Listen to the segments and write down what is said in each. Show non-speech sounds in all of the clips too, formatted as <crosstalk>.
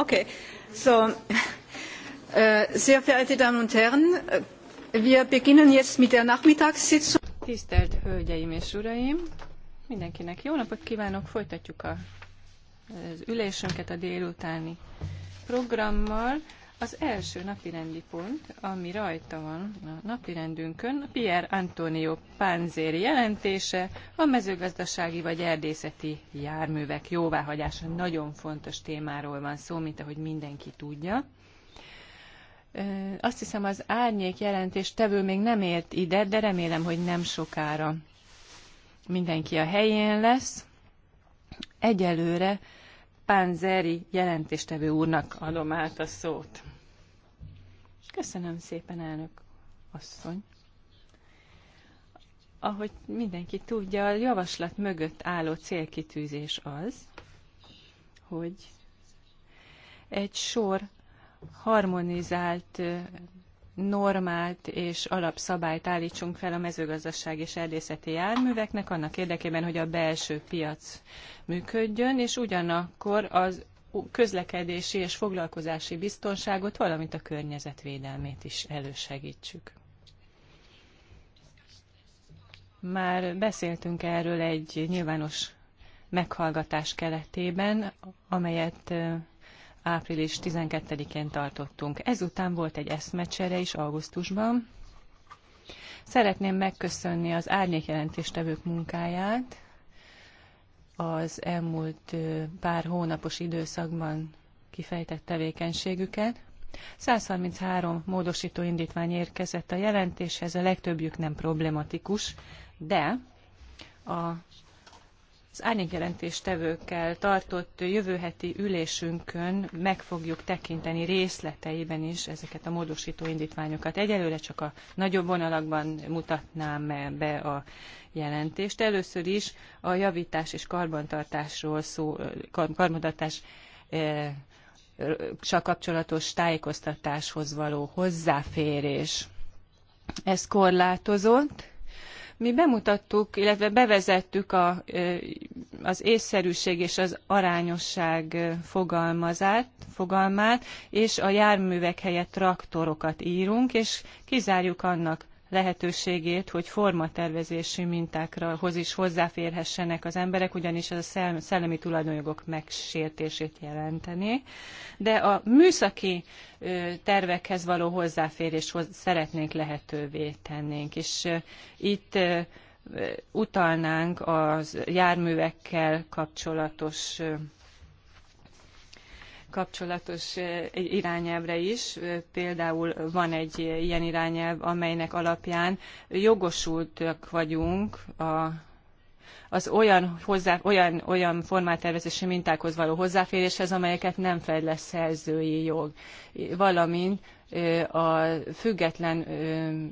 Okay. So, <laughs> äh, sehr verehrte Damen und Herren, äh, wir beginnen jetzt mit der Nachmittagssitzung. Tisztelt Hölgyeim és Uraim! Mindenkinek jó napot kívánok! Folytatjuk a, az ülésünket a délutáni programmal. Az első napirendi pont, ami rajta van a napirendünkön, Pierre Antonio Panzéri jelentése, a mezőgazdasági vagy erdészeti járművek jóváhagyása nagyon fontos témáról van szó, mint ahogy mindenki tudja. Azt hiszem az árnyék jelentés tevő még nem ért ide, de remélem, hogy nem sokára mindenki a helyén lesz. Egyelőre Pánzeri jelentéstevő úrnak adom át a szót. Köszönöm szépen, elnök asszony. Ahogy mindenki tudja, a javaslat mögött álló célkitűzés az, hogy egy sor harmonizált normált és alapszabályt állítsunk fel a mezőgazdaság és erdészeti járműveknek annak érdekében, hogy a belső piac működjön, és ugyanakkor az közlekedési és foglalkozási biztonságot, valamint a környezetvédelmét is elősegítsük. Már beszéltünk erről egy nyilvános meghallgatás keretében, amelyet április 12-én tartottunk. Ezután volt egy eszmecsere is augusztusban. Szeretném megköszönni az árnyékjelentéstevők munkáját, az elmúlt pár hónapos időszakban kifejtett tevékenységüket. 133 módosító indítvány érkezett a jelentéshez, a legtöbbjük nem problematikus, de a az árnyékjelentéstevőkkel tartott jövő heti ülésünkön meg fogjuk tekinteni részleteiben is ezeket a módosító indítványokat. Egyelőre csak a nagyobb vonalakban mutatnám be a jelentést. Először is a javítás és karbantartásról szó, karbantartás eh, kapcsolatos tájékoztatáshoz való hozzáférés. Ez korlátozott, mi bemutattuk, illetve bevezettük a, az észszerűség és az arányosság fogalmazát, fogalmát, és a járművek helyett traktorokat írunk, és kizárjuk annak lehetőségét, hogy formatervezési mintákhoz is hozzáférhessenek az emberek, ugyanis ez a szellemi tulajdonjogok megsértését jelenteni. De a műszaki tervekhez való hozzáférést szeretnénk lehetővé tennénk. És itt utalnánk az járművekkel kapcsolatos kapcsolatos eh, irányelvre is. Eh, például van egy eh, ilyen irányelv, amelynek alapján jogosultak vagyunk a az olyan, hozzá, olyan, olyan formáltervezési mintákhoz való hozzáféréshez, amelyeket nem fejlesz szerzői jog, valamint a független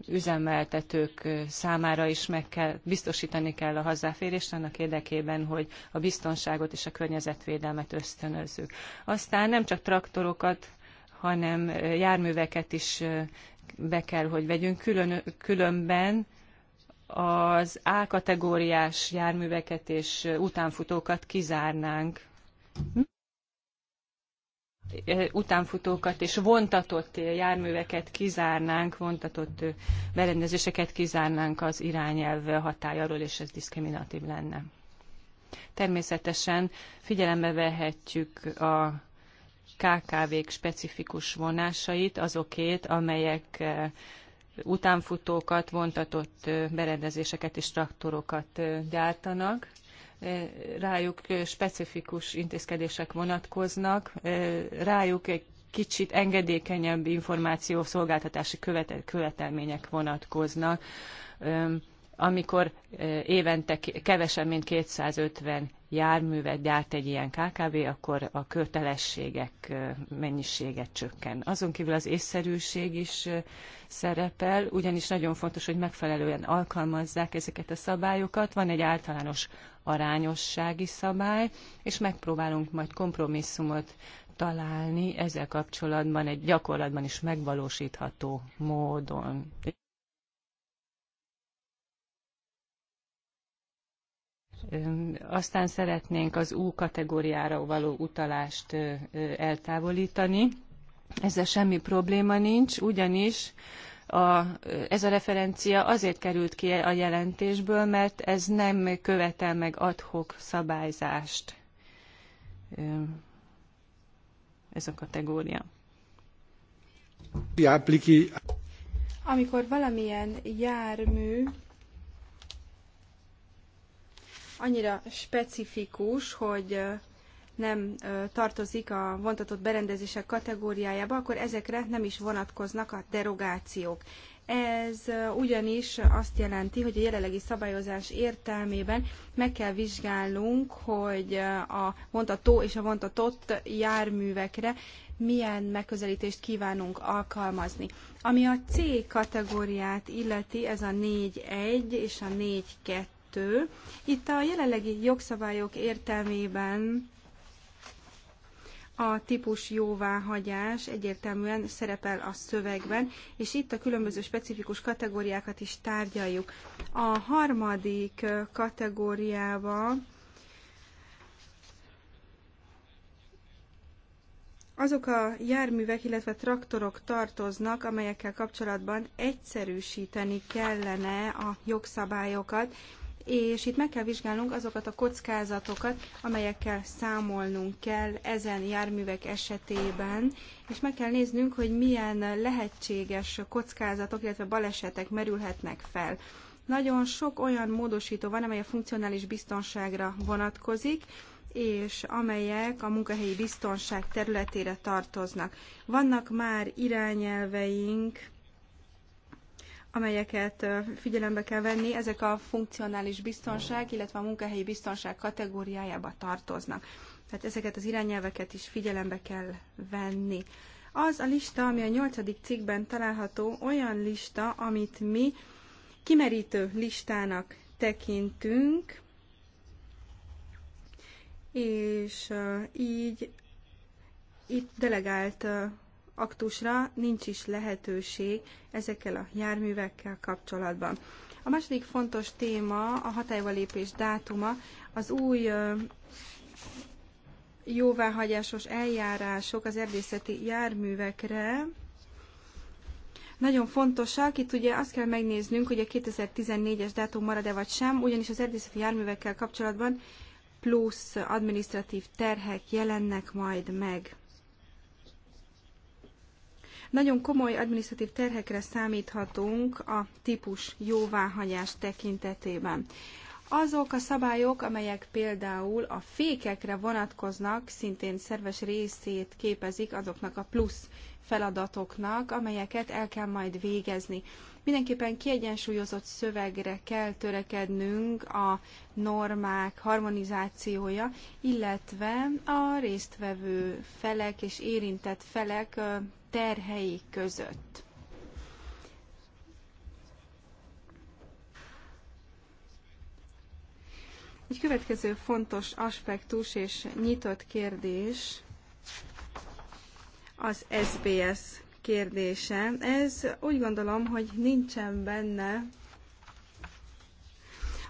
üzemeltetők számára is meg kell, biztosítani kell a hozzáférést annak érdekében, hogy a biztonságot és a környezetvédelmet ösztönözzük. Aztán nem csak traktorokat, hanem járműveket is be kell, hogy vegyünk, Külön, különben az A kategóriás járműveket és utánfutókat kizárnánk. Hm? utánfutókat és vontatott járműveket kizárnánk, vontatott berendezéseket kizárnánk az irányelv hatájáról, és ez diszkriminatív lenne. Természetesen figyelembe vehetjük a KKV-k specifikus vonásait, azokét, amelyek utánfutókat, vontatott berendezéseket és traktorokat gyártanak rájuk specifikus intézkedések vonatkoznak, rájuk egy kicsit engedékenyebb szolgáltatási követelmények vonatkoznak amikor eh, évente kevesebb, mint 250 járművet gyárt egy ilyen KKV, akkor a kötelességek eh, mennyisége csökken. Azon kívül az észszerűség is eh, szerepel, ugyanis nagyon fontos, hogy megfelelően alkalmazzák ezeket a szabályokat. Van egy általános arányossági szabály, és megpróbálunk majd kompromisszumot találni ezzel kapcsolatban egy gyakorlatban is megvalósítható módon. Aztán szeretnénk az U kategóriára való utalást eltávolítani. Ezzel semmi probléma nincs, ugyanis a, ez a referencia azért került ki a jelentésből, mert ez nem követel meg adhok szabályzást. Ez a kategória. Amikor valamilyen jármű annyira specifikus, hogy nem tartozik a vontatott berendezések kategóriájába, akkor ezekre nem is vonatkoznak a derogációk. Ez ugyanis azt jelenti, hogy a jelenlegi szabályozás értelmében meg kell vizsgálnunk, hogy a vontató és a vontatott járművekre milyen megközelítést kívánunk alkalmazni. Ami a C kategóriát illeti, ez a 4.1 és a kettő. Itt a jelenlegi jogszabályok értelmében a típus jóváhagyás egyértelműen szerepel a szövegben, és itt a különböző specifikus kategóriákat is tárgyaljuk. A harmadik kategóriába azok a járművek, illetve traktorok tartoznak, amelyekkel kapcsolatban egyszerűsíteni kellene a jogszabályokat, és itt meg kell vizsgálnunk azokat a kockázatokat, amelyekkel számolnunk kell ezen járművek esetében, és meg kell néznünk, hogy milyen lehetséges kockázatok, illetve balesetek merülhetnek fel. Nagyon sok olyan módosító van, amely a funkcionális biztonságra vonatkozik, és amelyek a munkahelyi biztonság területére tartoznak. Vannak már irányelveink, amelyeket figyelembe kell venni, ezek a funkcionális biztonság, illetve a munkahelyi biztonság kategóriájába tartoznak. Tehát ezeket az irányelveket is figyelembe kell venni. Az a lista, ami a nyolcadik cikkben található, olyan lista, amit mi kimerítő listának tekintünk, és így itt delegált aktusra nincs is lehetőség ezekkel a járművekkel kapcsolatban. A második fontos téma a hatályba lépés dátuma, az új jóváhagyásos eljárások az erdészeti járművekre, nagyon fontosak. Itt ugye azt kell megnéznünk, hogy a 2014-es dátum marad-e vagy sem, ugyanis az erdészeti járművekkel kapcsolatban plusz administratív terhek jelennek majd meg. Nagyon komoly administratív terhekre számíthatunk a típus jóváhagyás tekintetében. Azok a szabályok, amelyek például a fékekre vonatkoznak, szintén szerves részét képezik azoknak a plusz feladatoknak, amelyeket el kell majd végezni. Mindenképpen kiegyensúlyozott szövegre kell törekednünk a normák harmonizációja, illetve a résztvevő felek és érintett felek terhei között. Egy következő fontos aspektus és nyitott kérdés az SBS kérdése. Ez úgy gondolom, hogy nincsen benne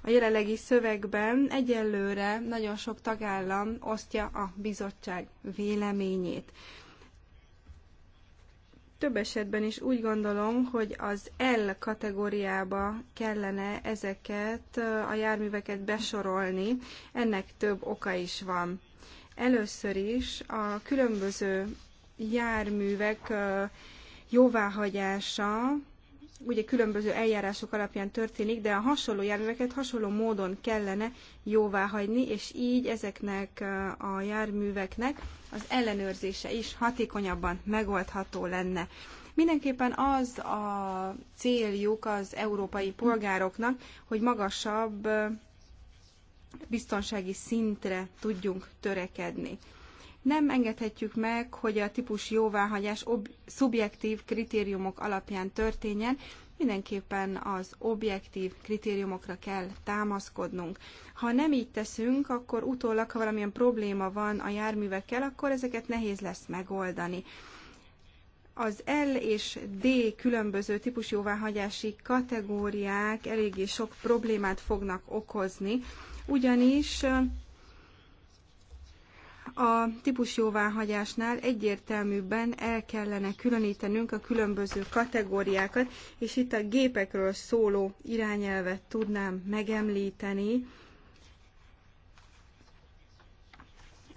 a jelenlegi szövegben egyelőre nagyon sok tagállam osztja a bizottság véleményét. Több esetben is úgy gondolom, hogy az L kategóriába kellene ezeket a járműveket besorolni. Ennek több oka is van. Először is a különböző járművek jóváhagyása ugye különböző eljárások alapján történik, de a hasonló járműveket hasonló módon kellene jóváhagyni, és így ezeknek a járműveknek az ellenőrzése is hatékonyabban megoldható lenne. Mindenképpen az a céljuk az európai polgároknak, hogy magasabb biztonsági szintre tudjunk törekedni. Nem engedhetjük meg, hogy a típus jóváhagyás ob- szubjektív kritériumok alapján történjen, mindenképpen az objektív kritériumokra kell támaszkodnunk. Ha nem így teszünk, akkor utólag, ha valamilyen probléma van a járművekkel, akkor ezeket nehéz lesz megoldani. Az L és D különböző jóváhagyási kategóriák eléggé sok problémát fognak okozni, ugyanis a típus jóváhagyásnál egyértelműbben el kellene különítenünk a különböző kategóriákat, és itt a gépekről szóló irányelvet tudnám megemlíteni.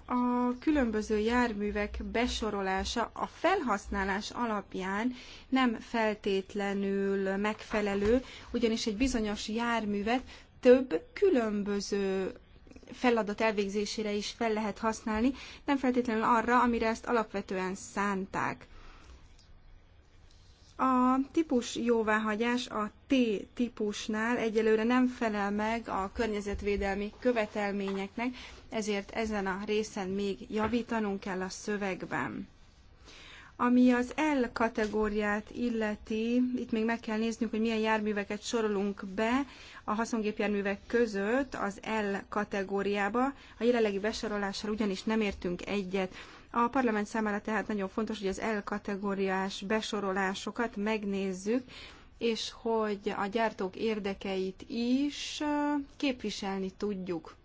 A különböző járművek besorolása a felhasználás alapján nem feltétlenül megfelelő, ugyanis egy bizonyos járművet több különböző feladat elvégzésére is fel lehet használni, nem feltétlenül arra, amire ezt alapvetően szánták. A típus jóváhagyás a T-típusnál egyelőre nem felel meg a környezetvédelmi követelményeknek, ezért ezen a részen még javítanunk kell a szövegben. Ami az L kategóriát illeti, itt még meg kell néznünk, hogy milyen járműveket sorolunk be a haszongépjárművek között az L kategóriába. A jelenlegi besorolással ugyanis nem értünk egyet. A parlament számára tehát nagyon fontos, hogy az L kategóriás besorolásokat megnézzük, és hogy a gyártók érdekeit is képviselni tudjuk.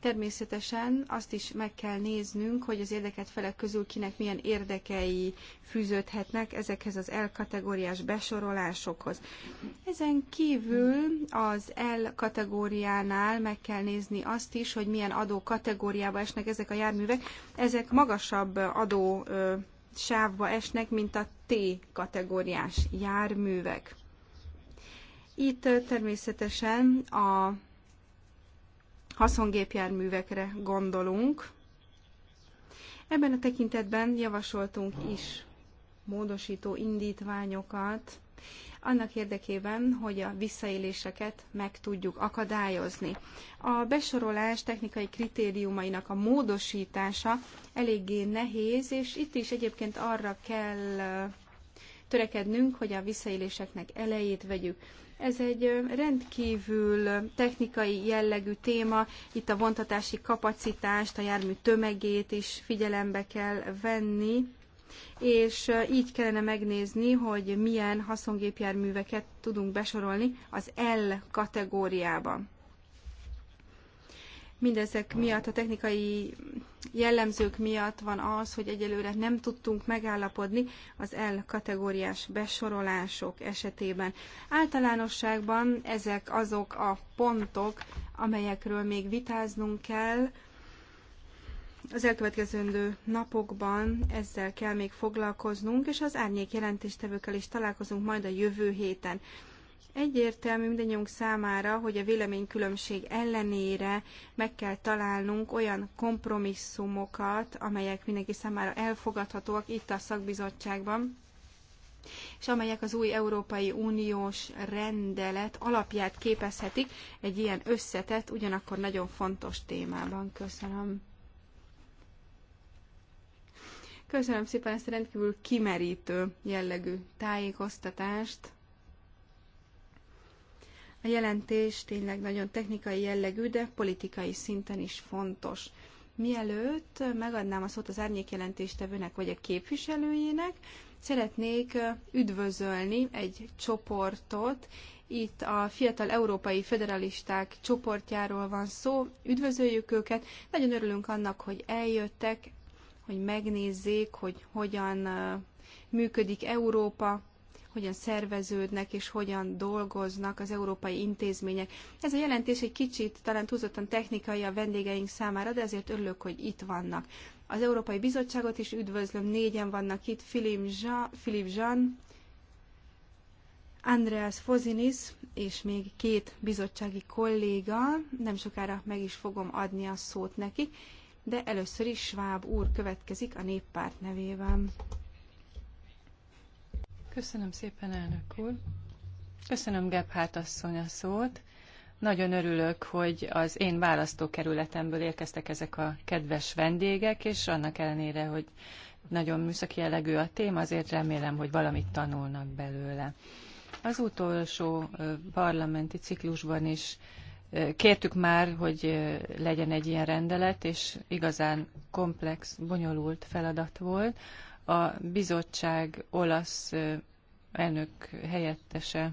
Természetesen azt is meg kell néznünk, hogy az érdeket felek közül kinek milyen érdekei fűződhetnek ezekhez az L-kategóriás besorolásokhoz. Ezen kívül az L-kategóriánál meg kell nézni azt is, hogy milyen adó kategóriába esnek ezek a járművek. Ezek magasabb adó sávba esnek, mint a T-kategóriás járművek. Itt természetesen a haszongépjárművekre gondolunk. Ebben a tekintetben javasoltunk is módosító indítványokat, annak érdekében, hogy a visszaéléseket meg tudjuk akadályozni. A besorolás technikai kritériumainak a módosítása eléggé nehéz, és itt is egyébként arra kell törekednünk, hogy a visszaéléseknek elejét vegyük. Ez egy rendkívül technikai jellegű téma, itt a vontatási kapacitást, a jármű tömegét is figyelembe kell venni, és így kellene megnézni, hogy milyen haszongépjárműveket tudunk besorolni az L kategóriába mindezek miatt, a technikai jellemzők miatt van az, hogy egyelőre nem tudtunk megállapodni az L kategóriás besorolások esetében. Általánosságban ezek azok a pontok, amelyekről még vitáznunk kell. Az elkövetkezendő napokban ezzel kell még foglalkoznunk, és az árnyék jelentéstevőkkel is találkozunk majd a jövő héten. Egyértelmű mindannyiunk számára, hogy a véleménykülönbség ellenére meg kell találnunk olyan kompromisszumokat, amelyek mindenki számára elfogadhatóak itt a szakbizottságban, és amelyek az új Európai Uniós rendelet alapját képezhetik egy ilyen összetett, ugyanakkor nagyon fontos témában. Köszönöm. Köszönöm szépen ezt a rendkívül kimerítő jellegű tájékoztatást. A jelentés tényleg nagyon technikai jellegű, de politikai szinten is fontos. Mielőtt megadnám a szót az árnyékjelentéstevőnek vagy a képviselőjének, szeretnék üdvözölni egy csoportot. Itt a Fiatal Európai Federalisták csoportjáról van szó. Üdvözöljük őket. Nagyon örülünk annak, hogy eljöttek, hogy megnézzék, hogy hogyan működik Európa, hogyan szerveződnek és hogyan dolgoznak az európai intézmények. Ez a jelentés egy kicsit talán túlzottan technikai a vendégeink számára, de ezért örülök, hogy itt vannak. Az Európai Bizottságot is üdvözlöm, négyen vannak itt, Philippe Jean, Philippe Jean Andreas Fozinis és még két bizottsági kolléga, nem sokára meg is fogom adni a szót nekik, de először is Schwab úr következik a néppárt nevében. Köszönöm szépen, elnök úr. Köszönöm Gebhardt asszony a szót. Nagyon örülök, hogy az én választókerületemből érkeztek ezek a kedves vendégek, és annak ellenére, hogy nagyon műszaki jellegű a téma, azért remélem, hogy valamit tanulnak belőle. Az utolsó parlamenti ciklusban is kértük már, hogy legyen egy ilyen rendelet, és igazán komplex, bonyolult feladat volt a bizottság olasz elnök helyettese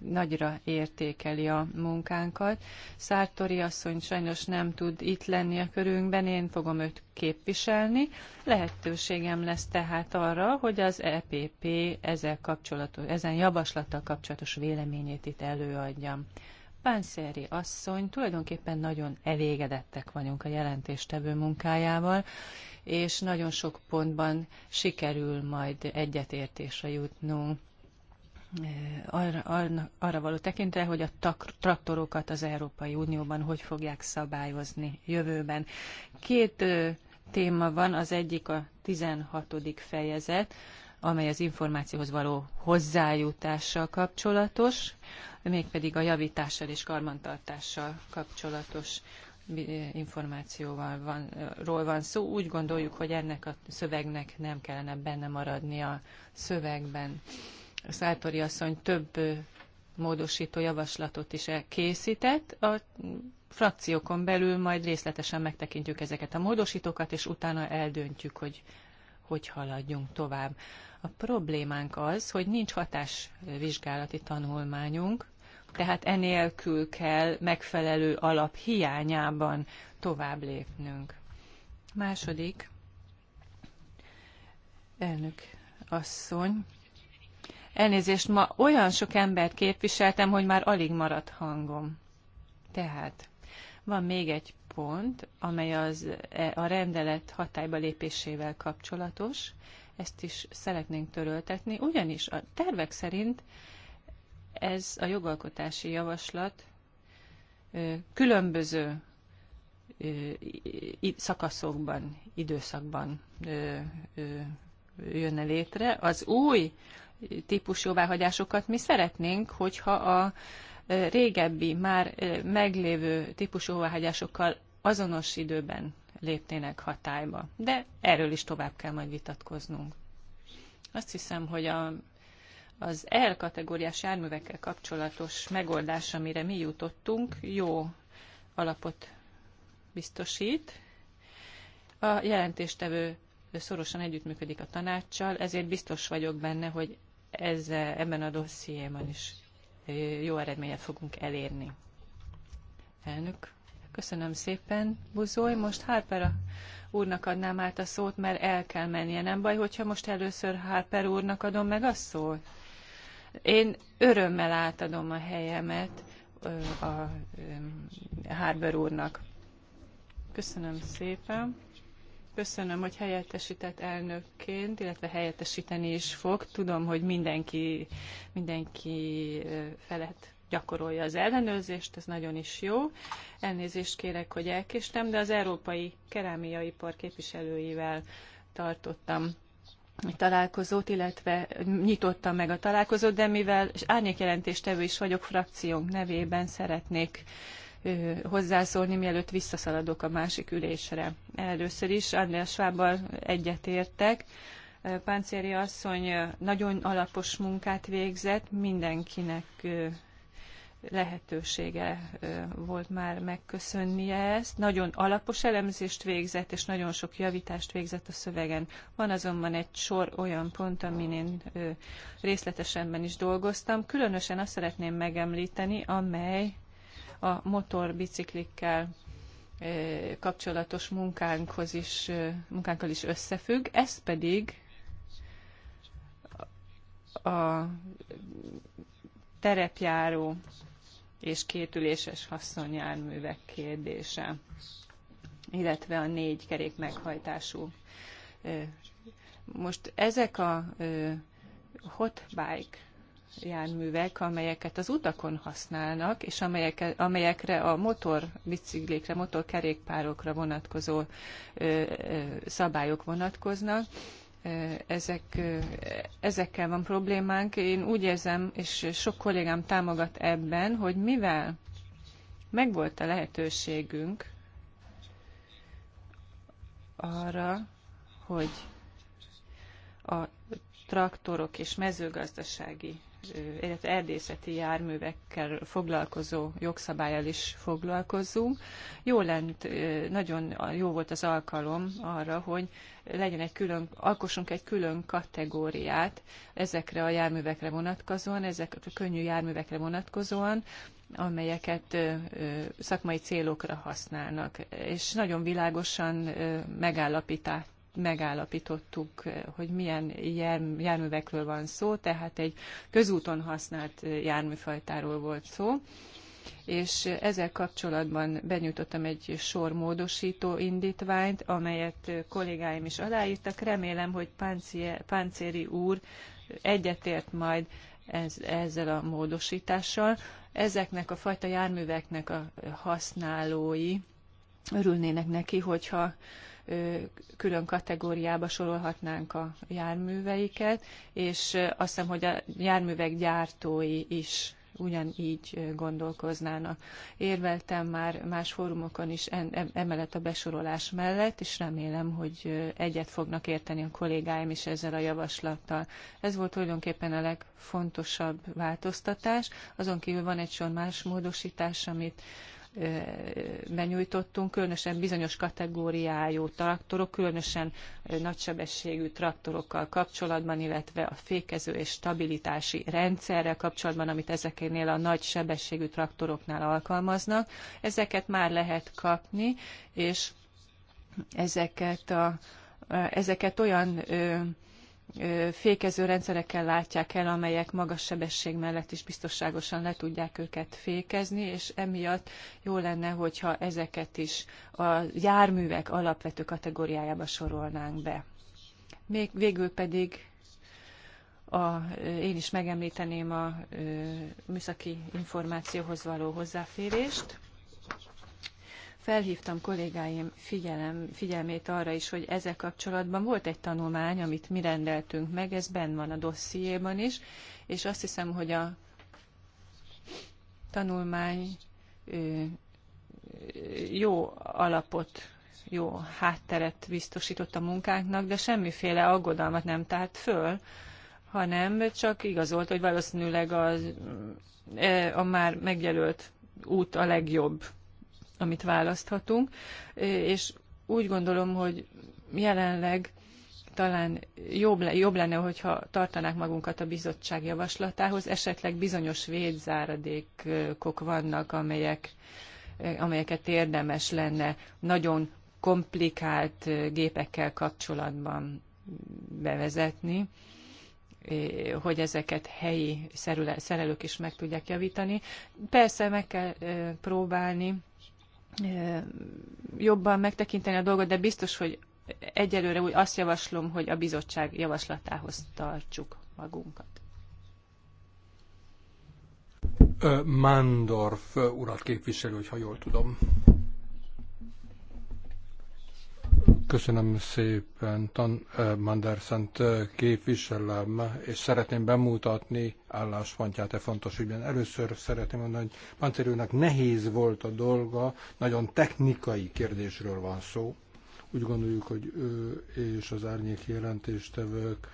nagyra értékeli a munkánkat. Szártori asszony sajnos nem tud itt lenni a körünkben, én fogom őt képviselni. Lehetőségem lesz tehát arra, hogy az EPP ezzel kapcsolatos, ezen javaslattal kapcsolatos véleményét itt előadjam. Pánszéri asszony, tulajdonképpen nagyon elégedettek vagyunk a jelentéstevő munkájával, és nagyon sok pontban sikerül majd egyetértésre jutnunk arra, arra, arra való tekintve, hogy a tak, traktorokat az Európai Unióban hogy fogják szabályozni jövőben. Két ö, téma van, az egyik a 16. fejezet, amely az információhoz való hozzájutással kapcsolatos, mégpedig a javítással és karmantartással kapcsolatos eh, információval van, eh, ról van szó. Úgy gondoljuk, hogy ennek a szövegnek nem kellene benne maradni a szövegben. A Szájtori asszony több eh, módosító javaslatot is készített. A frakciókon belül majd részletesen megtekintjük ezeket a módosítókat, és utána eldöntjük, hogy hogy haladjunk tovább. A problémánk az, hogy nincs hatásvizsgálati tanulmányunk, tehát enélkül kell megfelelő alap hiányában tovább lépnünk. Második, elnök asszony, elnézést, ma olyan sok embert képviseltem, hogy már alig maradt hangom. Tehát van még egy pont, amely az, e, a rendelet hatályba lépésével kapcsolatos, ezt is szeretnénk töröltetni, ugyanis a tervek szerint ez a jogalkotási javaslat különböző szakaszokban, időszakban jönne létre. Az új típus jóváhagyásokat mi szeretnénk, hogyha a régebbi, már meglévő típus jóváhagyásokkal azonos időben lépnének hatályba. De erről is tovább kell majd vitatkoznunk. Azt hiszem, hogy a, az L e kategóriás járművekkel kapcsolatos megoldás, amire mi jutottunk, jó alapot biztosít. A jelentéstevő szorosan együttműködik a tanácssal, ezért biztos vagyok benne, hogy ez, ebben a dossziéban is jó eredményet fogunk elérni. Elnök, Köszönöm szépen, Buzoly. Most Harper úrnak adnám át a szót, mert el kell mennie. Nem baj, hogyha most először Harper úrnak adom meg a szót? Én örömmel átadom a helyemet a Harper úrnak. Köszönöm szépen. Köszönöm, hogy helyettesített elnökként, illetve helyettesíteni is fog. Tudom, hogy mindenki, mindenki felett gyakorolja az ellenőrzést, ez nagyon is jó. Elnézést kérek, hogy elkéstem, de az európai kerámiaipar képviselőivel tartottam találkozót, illetve nyitottam meg a találkozót, de mivel árnyékjelentéstevő is vagyok, frakciónk nevében szeretnék hozzászólni, mielőtt visszaszaladok a másik ülésre. Először is András Schwabbal egyetértek. Páncéri asszony nagyon alapos munkát végzett, mindenkinek lehetősége volt már megköszönnie ezt. Nagyon alapos elemzést végzett, és nagyon sok javítást végzett a szövegen. Van azonban egy sor olyan pont, amin én részletesenben is dolgoztam. Különösen azt szeretném megemlíteni, amely a motorbiciklikkel kapcsolatos munkánkhoz is, munkánkkal is összefügg. Ez pedig a terepjáró és kétüléses haszonyárművek kérdése, illetve a négy kerék meghajtású. Most ezek a hot bike járművek, amelyeket az utakon használnak, és amelyek, amelyekre a motorbiciklikre, motorkerékpárokra vonatkozó ö, ö, szabályok vonatkoznak ezek, ezekkel van problémánk. Én úgy érzem, és sok kollégám támogat ebben, hogy mivel megvolt a lehetőségünk arra, hogy a traktorok és mezőgazdasági illetve erdészeti járművekkel foglalkozó jogszabályal is foglalkozzunk. Jó lent, nagyon jó volt az alkalom arra, hogy legyen egy külön, alkossunk egy külön kategóriát ezekre a járművekre vonatkozóan, ezek a könnyű járművekre vonatkozóan, amelyeket szakmai célokra használnak. És nagyon világosan megállapítás megállapítottuk, eh, hogy milyen járművekről van szó, tehát egy közúton használt eh, járműfajtáról volt szó és ezzel kapcsolatban benyújtottam egy sor módosító indítványt, amelyet eh, kollégáim is aláírtak. Remélem, hogy Páncéri úr egyetért majd ez, ezzel a módosítással. Ezeknek a fajta járműveknek a használói örülnének neki, hogyha külön kategóriába sorolhatnánk a járműveiket, és azt hiszem, hogy a járművek gyártói is ugyanígy gondolkoznának. Érveltem már más fórumokon is emellett a besorolás mellett, és remélem, hogy egyet fognak érteni a kollégáim is ezzel a javaslattal. Ez volt tulajdonképpen a legfontosabb változtatás. Azon kívül van egy sor más módosítás, amit benyújtottunk, különösen bizonyos kategóriájú traktorok, különösen nagysebességű traktorokkal kapcsolatban, illetve a fékező és stabilitási rendszerrel kapcsolatban, amit ezeknél a nagy sebességű traktoroknál alkalmaznak. Ezeket már lehet kapni, és ezeket, a, ezeket olyan fékező rendszerekkel látják el, amelyek magas sebesség mellett is biztonságosan le tudják őket fékezni, és emiatt jó lenne, hogyha ezeket is a járművek alapvető kategóriájába sorolnánk be. Még végül pedig a, én is megemlíteném a műszaki információhoz való hozzáférést felhívtam kollégáim figyelem, figyelmét arra is, hogy ezzel kapcsolatban volt egy tanulmány, amit mi rendeltünk meg, ez benn van a dossziéban is, és azt hiszem, hogy a tanulmány jó alapot, jó hátteret biztosított a munkánknak, de semmiféle aggodalmat nem tárt föl, hanem csak igazolt, hogy valószínűleg az, a már megjelölt út a legjobb amit választhatunk, és úgy gondolom, hogy jelenleg talán jobb, jobb lenne, hogyha tartanák magunkat a bizottság javaslatához. Esetleg bizonyos védzáradékok vannak, amelyek, amelyeket érdemes lenne nagyon komplikált gépekkel kapcsolatban bevezetni hogy ezeket helyi szerelők is meg tudják javítani. Persze meg kell próbálni jobban megtekinteni a dolgot, de biztos, hogy egyelőre úgy azt javaslom, hogy a bizottság javaslatához tartsuk magunkat. Mándorf urat képviselő, ha jól tudom. Köszönöm szépen, Tan Mandersent képviselem, és szeretném bemutatni álláspontját e fontos ügyben. Először szeretném mondani, hogy Pancerőnek nehéz volt a dolga, nagyon technikai kérdésről van szó. Úgy gondoljuk, hogy ő és az árnyék jelentéstevők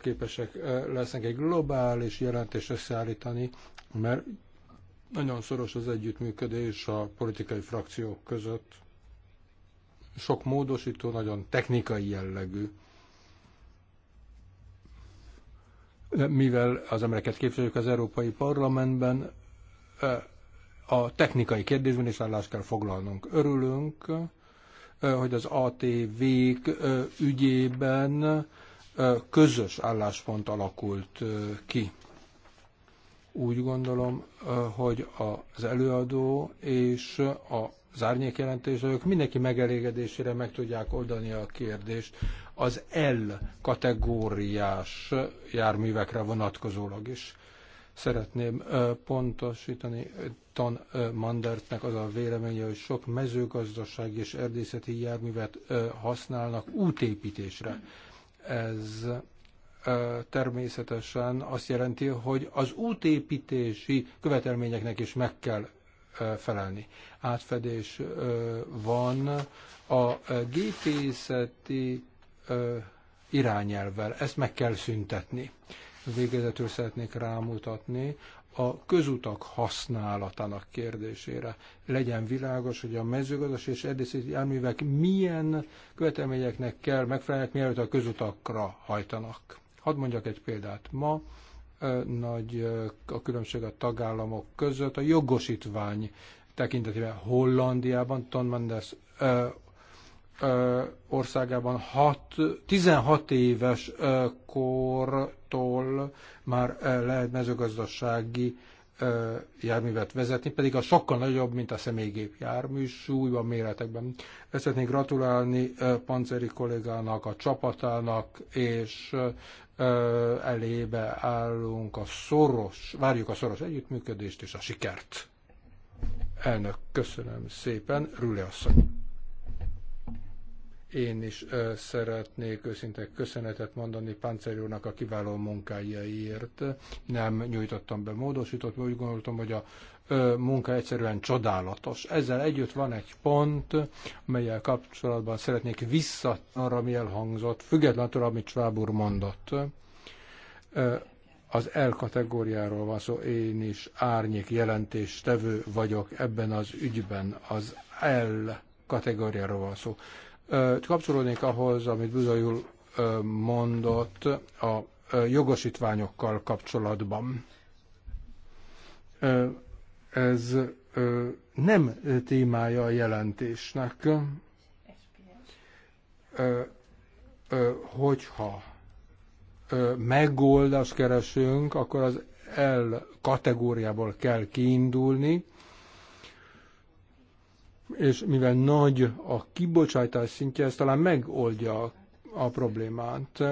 képesek lesznek egy globális jelentést összeállítani, mert nagyon szoros az együttműködés a politikai frakciók között sok módosító nagyon technikai jellegű. Mivel az embereket képviseljük az Európai Parlamentben, a technikai kérdésben is állást kell foglalnunk. Örülünk, hogy az atv ügyében közös álláspont alakult ki. Úgy gondolom, hogy az előadó és a az árnyék jelentések, mindenki megelégedésére meg tudják oldani a kérdést az L kategóriás járművekre vonatkozólag is. Szeretném pontosítani Tan Mandertnek az a véleménye, hogy sok mezőgazdasági és erdészeti járművet használnak útépítésre. Ez természetesen azt jelenti, hogy az útépítési követelményeknek is meg kell felelni. Átfedés van a gépészeti irányelvvel. Ezt meg kell szüntetni. Végezetül szeretnék rámutatni a közutak használatának kérdésére. Legyen világos, hogy a mezőgazdaság és erdészeti járművek milyen követelményeknek kell megfelelni, mielőtt a közutakra hajtanak. Hadd mondjak egy példát. Ma nagy a különbség a tagállamok között. A jogosítvány tekintetében Hollandiában, Tonmandes országában 6, 16 éves kortól már lehet mezőgazdasági járművet vezetni, pedig a sokkal nagyobb, mint a személygép jármű, súlyban, méretekben. Ezt szeretnék gratulálni Panceri kollégának, a csapatának, és elébe állunk a szoros, várjuk a szoros együttműködést és a sikert. Elnök, köszönöm szépen, Rüle asszony. Én is szeretnék őszinte köszönetet mondani Páncél a kiváló munkájáért. Nem nyújtottam be módosított, mert úgy gondoltam, hogy a munka egyszerűen csodálatos. Ezzel együtt van egy pont, melyel kapcsolatban szeretnék vissza arra, ami elhangzott, függetlenül, amit Schwab úr mondott. Az L kategóriáról van szó, én is árnyék jelentéstevő vagyok ebben az ügyben. Az L kategóriáról van szó. Kapcsolódnék ahhoz, amit Buzajul mondott a jogosítványokkal kapcsolatban ez nem témája a jelentésnek. Hogyha megoldást keresünk, akkor az L kategóriából kell kiindulni, és mivel nagy a kibocsátás szintje, ez talán megoldja a problémát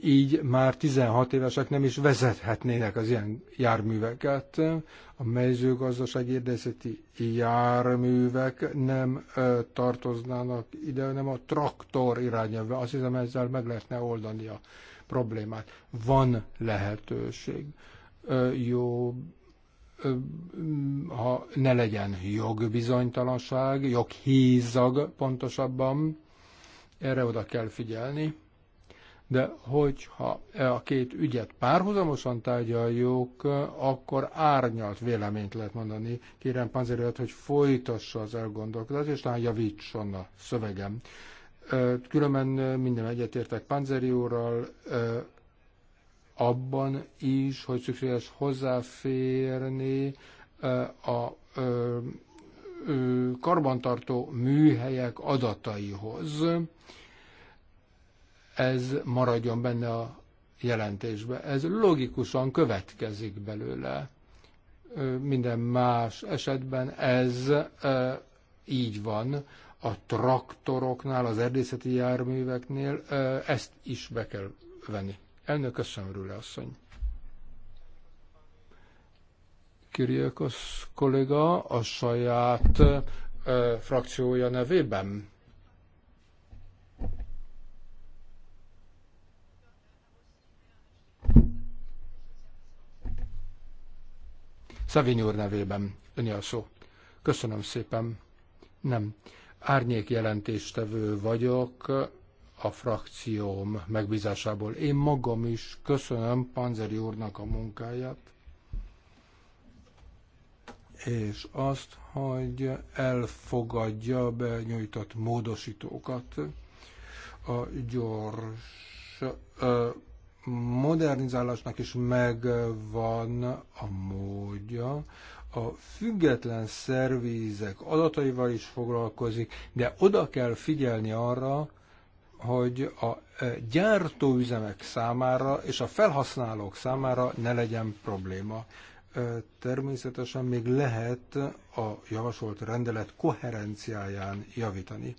így már 16 évesek nem is vezethetnének az ilyen járműveket. A mezőgazdaság érdezeti járművek nem ö, tartoznának ide, nem a traktor irányelve. Azt hiszem ezzel meg lehetne oldani a problémát. Van lehetőség. Ö, jó, ö, ha ne legyen jogbizonytalanság, joghízag pontosabban, erre oda kell figyelni de hogyha e a két ügyet párhuzamosan tárgyaljuk, akkor árnyalt véleményt lehet mondani. Kérem Panzerőt, hogy folytassa az elgondolkodást, és talán javítson a szövegem. Különben minden egyetértek Panzeri úrral, abban is, hogy szükséges hozzáférni a karbantartó műhelyek adataihoz ez maradjon benne a jelentésbe. Ez logikusan következik belőle. Minden más esetben ez így van. A traktoroknál, az erdészeti járműveknél ezt is be kell venni. Elnök, köszönöm, Rüle asszony. Kiriakos kolléga a saját ö, frakciója nevében Szavény úr nevében öni a szó. Köszönöm szépen. Nem. Árnyék jelentéstevő vagyok a frakcióm megbízásából. Én magam is köszönöm Panzeri úrnak a munkáját, és azt, hogy elfogadja be nyújtott módosítókat a gyors ö, modernizálásnak is megvan a módja, a független szervizek adataival is foglalkozik, de oda kell figyelni arra, hogy a e, gyártóüzemek számára és a felhasználók számára ne legyen probléma. E, természetesen még lehet a javasolt rendelet koherenciáján javítani.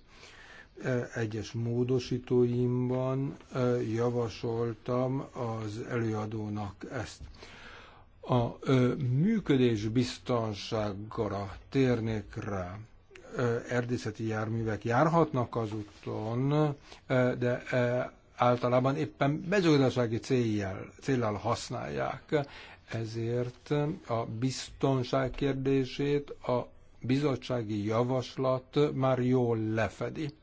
E, egyes módosítóimban e, javasoltam az előadónak ezt. A e, működés biztonságra térnék rá. Erdészeti járművek járhatnak az úton, de általában éppen mezőgazdasági céljel, céllal használják. Ezért a biztonság kérdését a bizottsági javaslat már jól lefedi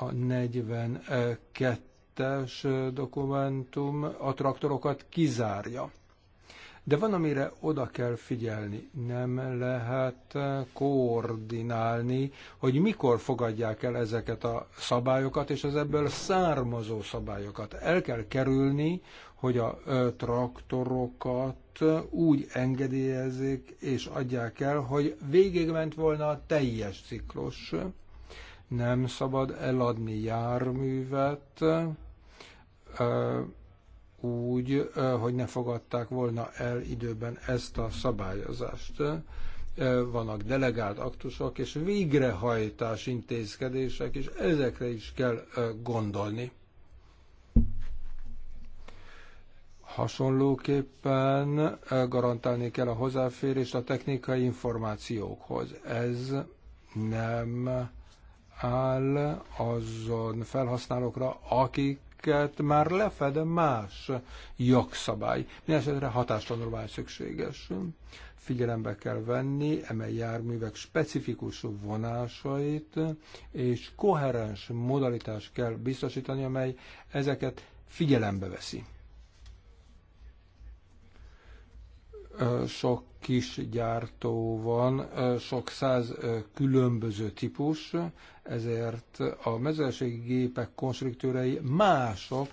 a 42-es dokumentum a traktorokat kizárja. De van, amire oda kell figyelni. Nem lehet koordinálni, hogy mikor fogadják el ezeket a szabályokat, és az ebből származó szabályokat. El kell kerülni, hogy a traktorokat úgy engedélyezik és adják el, hogy végigment volna a teljes ciklus nem szabad eladni járművet úgy, hogy ne fogadták volna el időben ezt a szabályozást. Vannak delegált aktusok és végrehajtás intézkedések, és ezekre is kell gondolni. Hasonlóképpen garantálni kell a hozzáférést a technikai információkhoz. Ez nem áll azon felhasználókra, akiket már lefed más jogszabály. Mindenesetre hatástanulmány szükséges. Figyelembe kell venni eme járművek specifikus vonásait, és koherens modalitást kell biztosítani, amely ezeket figyelembe veszi sok kis gyártó van, sok száz különböző típus, ezért a mezőségi gépek konstruktőrei mások,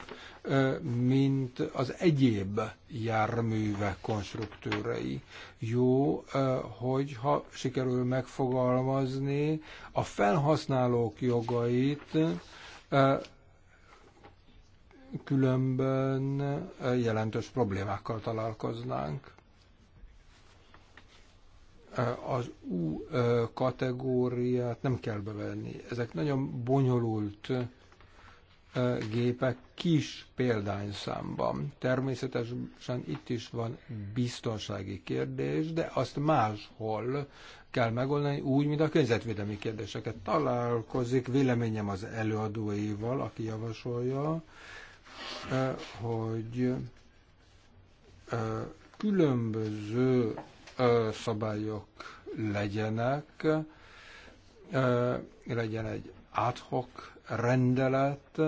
mint az egyéb járművek konstruktőrei. Jó, hogyha sikerül megfogalmazni a felhasználók jogait, különben jelentős problémákkal találkoznánk az U kategóriát nem kell bevenni. Ezek nagyon bonyolult gépek kis példányszámban. Természetesen itt is van biztonsági kérdés, de azt máshol kell megoldani, úgy, mint a környezetvédelmi kérdéseket. Találkozik véleményem az előadóival, aki javasolja, hogy különböző szabályok legyenek, legyen egy adhok rendelet,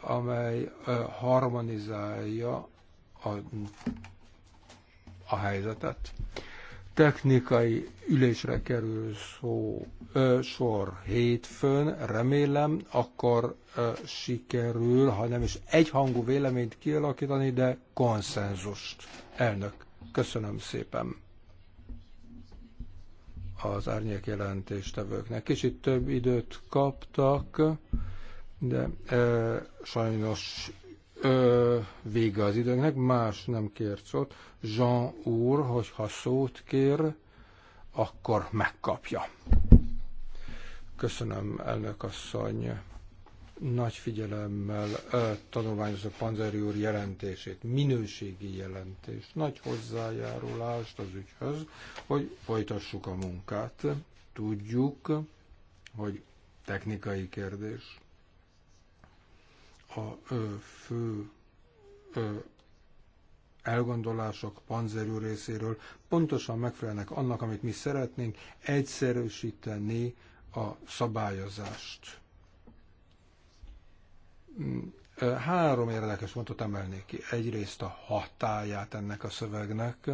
amely harmonizálja a, a helyzetet. Technikai ülésre kerül szó sor hétfőn, remélem, akkor sikerül, ha nem is egyhangú véleményt kialakítani, de konszenzust. Elnök. Köszönöm szépen az árnyék jelentéstevőknek. Kicsit több időt kaptak, de e, sajnos e, vége az időnknek, más nem kért szót. Jean úr, hogyha szót kér, akkor megkapja. Köszönöm, elnök asszony. Nagy figyelemmel tanulmányozok Panzeri úr jelentését, minőségi jelentést, nagy hozzájárulást az ügyhöz, hogy folytassuk a munkát. Tudjuk, hogy technikai kérdés. A ö, fő ö, elgondolások panzerű részéről pontosan megfelelnek annak, amit mi szeretnénk, egyszerűsíteni a szabályozást. Három érdekes pontot emelnék ki. Egyrészt a hatáját ennek a szövegnek.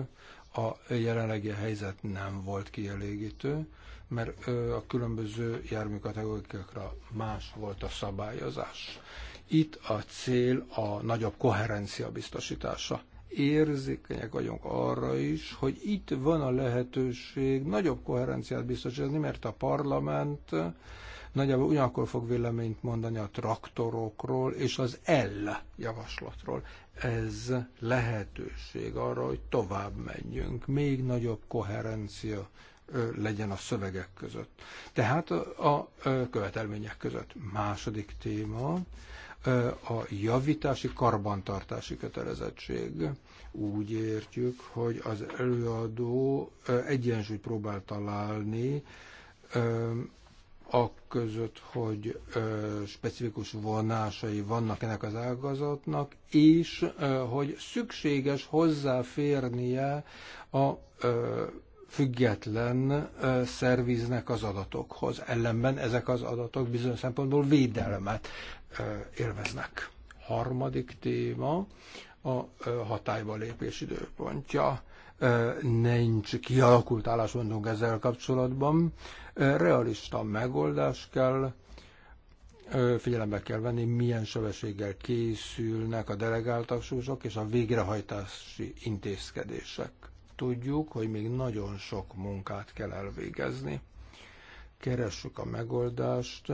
A jelenlegi helyzet nem volt kielégítő, mert a különböző kategóriákra más volt a szabályozás. Itt a cél a nagyobb koherencia biztosítása. Érzékenyek vagyunk arra is, hogy itt van a lehetőség nagyobb koherenciát biztosítani, mert a parlament nagyjából ugyanakkor fog véleményt mondani a traktorokról és az L javaslatról. Ez lehetőség arra, hogy tovább menjünk, még nagyobb koherencia legyen a szövegek között. Tehát a követelmények között. Második téma a javítási karbantartási kötelezettség. Úgy értjük, hogy az előadó egyensúlyt próbál találni a között, hogy ö, specifikus vonásai vannak ennek az ágazatnak, és ö, hogy szükséges hozzáférnie a ö, független ö, szerviznek az adatokhoz. Ellenben ezek az adatok bizonyos szempontból védelmet ö, élveznek. Harmadik téma a ö, hatályba lépés időpontja. Ö, nincs kialakult álláspontunk ezzel kapcsolatban. Ö, Realista megoldás kell, figyelembe kell venni, milyen sebességgel készülnek a delegáltasúsok és a végrehajtási intézkedések. Tudjuk, hogy még nagyon sok munkát kell elvégezni. Keressük a megoldást,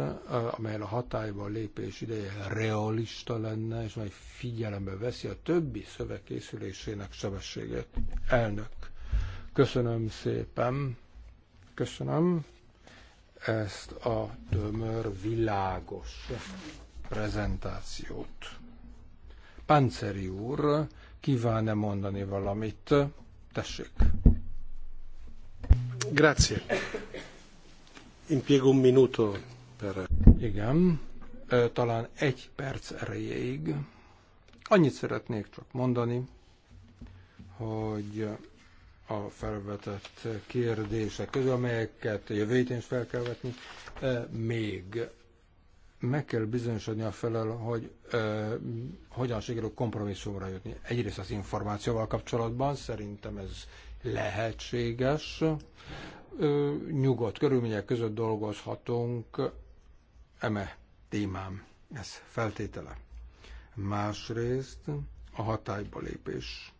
amely a hatályban lépés ideje realista lenne, és majd figyelembe veszi a többi szöveg készülésének sebességét. Elnök, köszönöm szépen. Köszönöm ezt a tömör világos prezentációt. Panceri úr, kíván-e mondani valamit? Tessék. Grazie. Impiego un minuto per... Igen, talán egy perc erejéig. Annyit szeretnék csak mondani, hogy a felvetett kérdések közül, amelyeket jövő héten is fel kell vetni, e, még meg kell bizonyosodni a felel, hogy e, hogyan sikerül kompromisszumra jutni. Egyrészt az információval kapcsolatban szerintem ez lehetséges. nyugodt körülmények között dolgozhatunk eme témám. Ez feltétele. Másrészt a hatályba lépés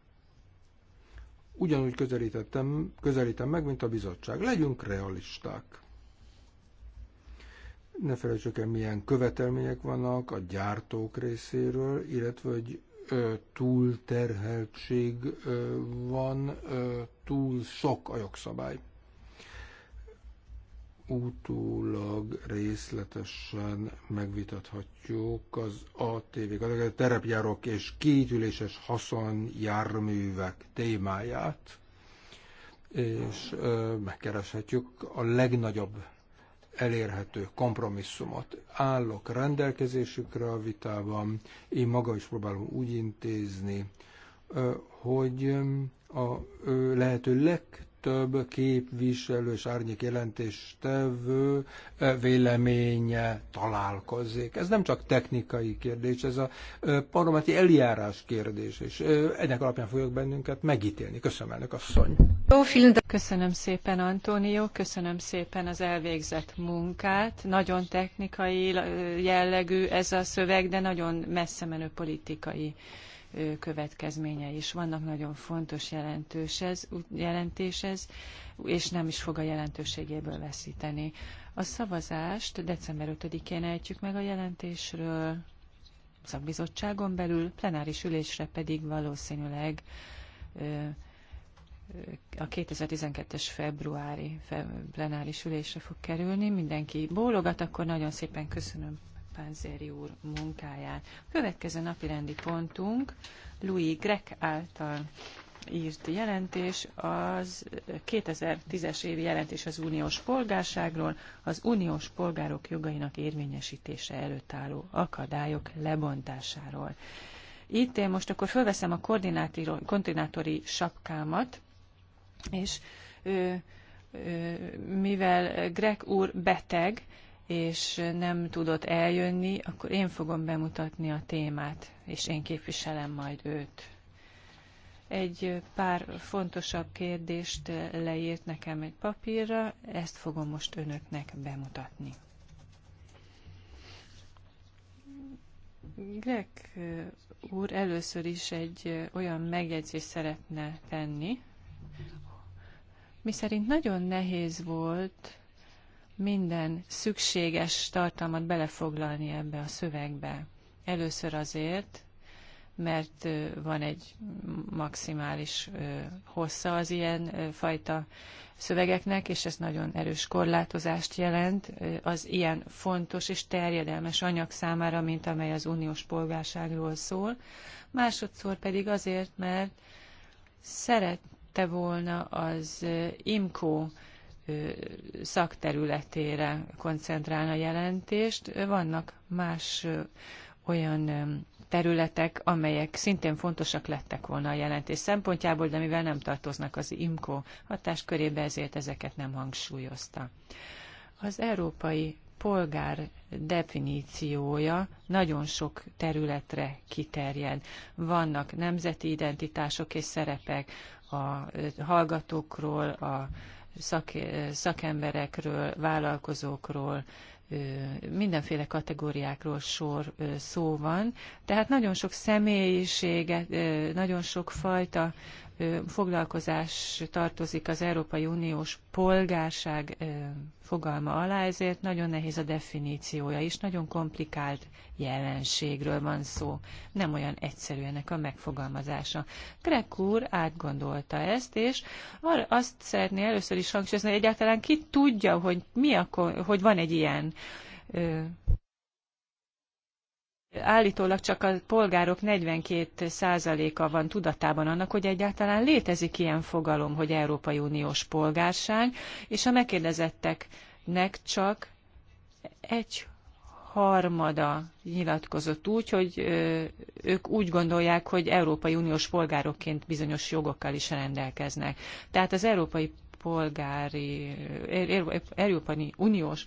ugyanúgy közelítettem, közelítem meg, mint a bizottság. Legyünk realisták. Ne felejtsük el, milyen követelmények vannak a gyártók részéről, illetve hogy ö, túlterheltség ö, van, ö, túl sok a jogszabály utólag részletesen megvitathatjuk az ATV, a terepjárok és kétüléses haszonjárművek témáját, és megkereshetjük a legnagyobb elérhető kompromisszumot. Állok rendelkezésükre a vitában, én maga is próbálom úgy intézni, hogy a lehető legtöbb több képviselő és árnyék jelentéstevő eh, véleménye találkozik. Ez nem csak technikai kérdés, ez a eh, parlamenti eljárás kérdés, és eh, ennek alapján fogjuk bennünket megítélni. Köszönöm, elnök asszony! Köszönöm szépen, Antónió, köszönöm szépen az elvégzett munkát. Nagyon technikai jellegű ez a szöveg, de nagyon messze menő politikai következménye is vannak, nagyon fontos jelentős ez, jelentés ez, és nem is fog a jelentőségéből veszíteni. A szavazást december 5-én ejtjük meg a jelentésről, szakbizottságon belül, plenáris ülésre pedig valószínűleg a 2012-es februári plenáris ülésre fog kerülni. Mindenki bólogat, akkor nagyon szépen köszönöm. Panzeri úr munkáját. A következő napi rendi pontunk Louis Grek által írt jelentés, az 2010-es évi jelentés az uniós polgárságról, az uniós polgárok jogainak érvényesítése előtt álló akadályok lebontásáról. Itt én most akkor fölveszem a koordinátori sapkámat, és mivel Greg úr beteg, és nem tudott eljönni, akkor én fogom bemutatni a témát, és én képviselem majd őt. Egy pár fontosabb kérdést leírt nekem egy papírra, ezt fogom most önöknek bemutatni. Greg uh, úr először is egy uh, olyan megjegyzést szeretne tenni, miszerint nagyon nehéz volt minden szükséges tartalmat belefoglalni ebbe a szövegbe. Először azért, mert van egy maximális hossza az ilyen fajta szövegeknek, és ez nagyon erős korlátozást jelent az ilyen fontos és terjedelmes anyag számára, mint amely az uniós polgárságról szól. Másodszor pedig azért, mert szerette volna az IMCO szakterületére koncentrál a jelentést. Vannak más olyan területek, amelyek szintén fontosak lettek volna a jelentés szempontjából, de mivel nem tartoznak az IMCO hatáskörébe, ezért ezeket nem hangsúlyozta. Az európai polgár definíciója nagyon sok területre kiterjed. Vannak nemzeti identitások és szerepek a hallgatókról, a szak, szakemberekről, vállalkozókról, mindenféle kategóriákról sor szó van. Tehát nagyon sok személyiséget, nagyon sok fajta foglalkozás tartozik az Európai Uniós polgárság fogalma alá, ezért nagyon nehéz a definíciója is, nagyon komplikált jelenségről van szó. Nem olyan egyszerű ennek a megfogalmazása. Greg úr átgondolta ezt, és azt szeretné először is hangsúlyozni, hogy egyáltalán ki tudja, hogy, mi a, hogy van egy ilyen Állítólag csak a polgárok 42%-a van tudatában annak, hogy egyáltalán létezik ilyen fogalom, hogy Európai Uniós polgárság, és a megkérdezetteknek csak egy harmada nyilatkozott úgy, hogy ők úgy gondolják, hogy Európai Uniós polgárokként bizonyos jogokkal is rendelkeznek. Tehát az Európai polgári, Európai Uniós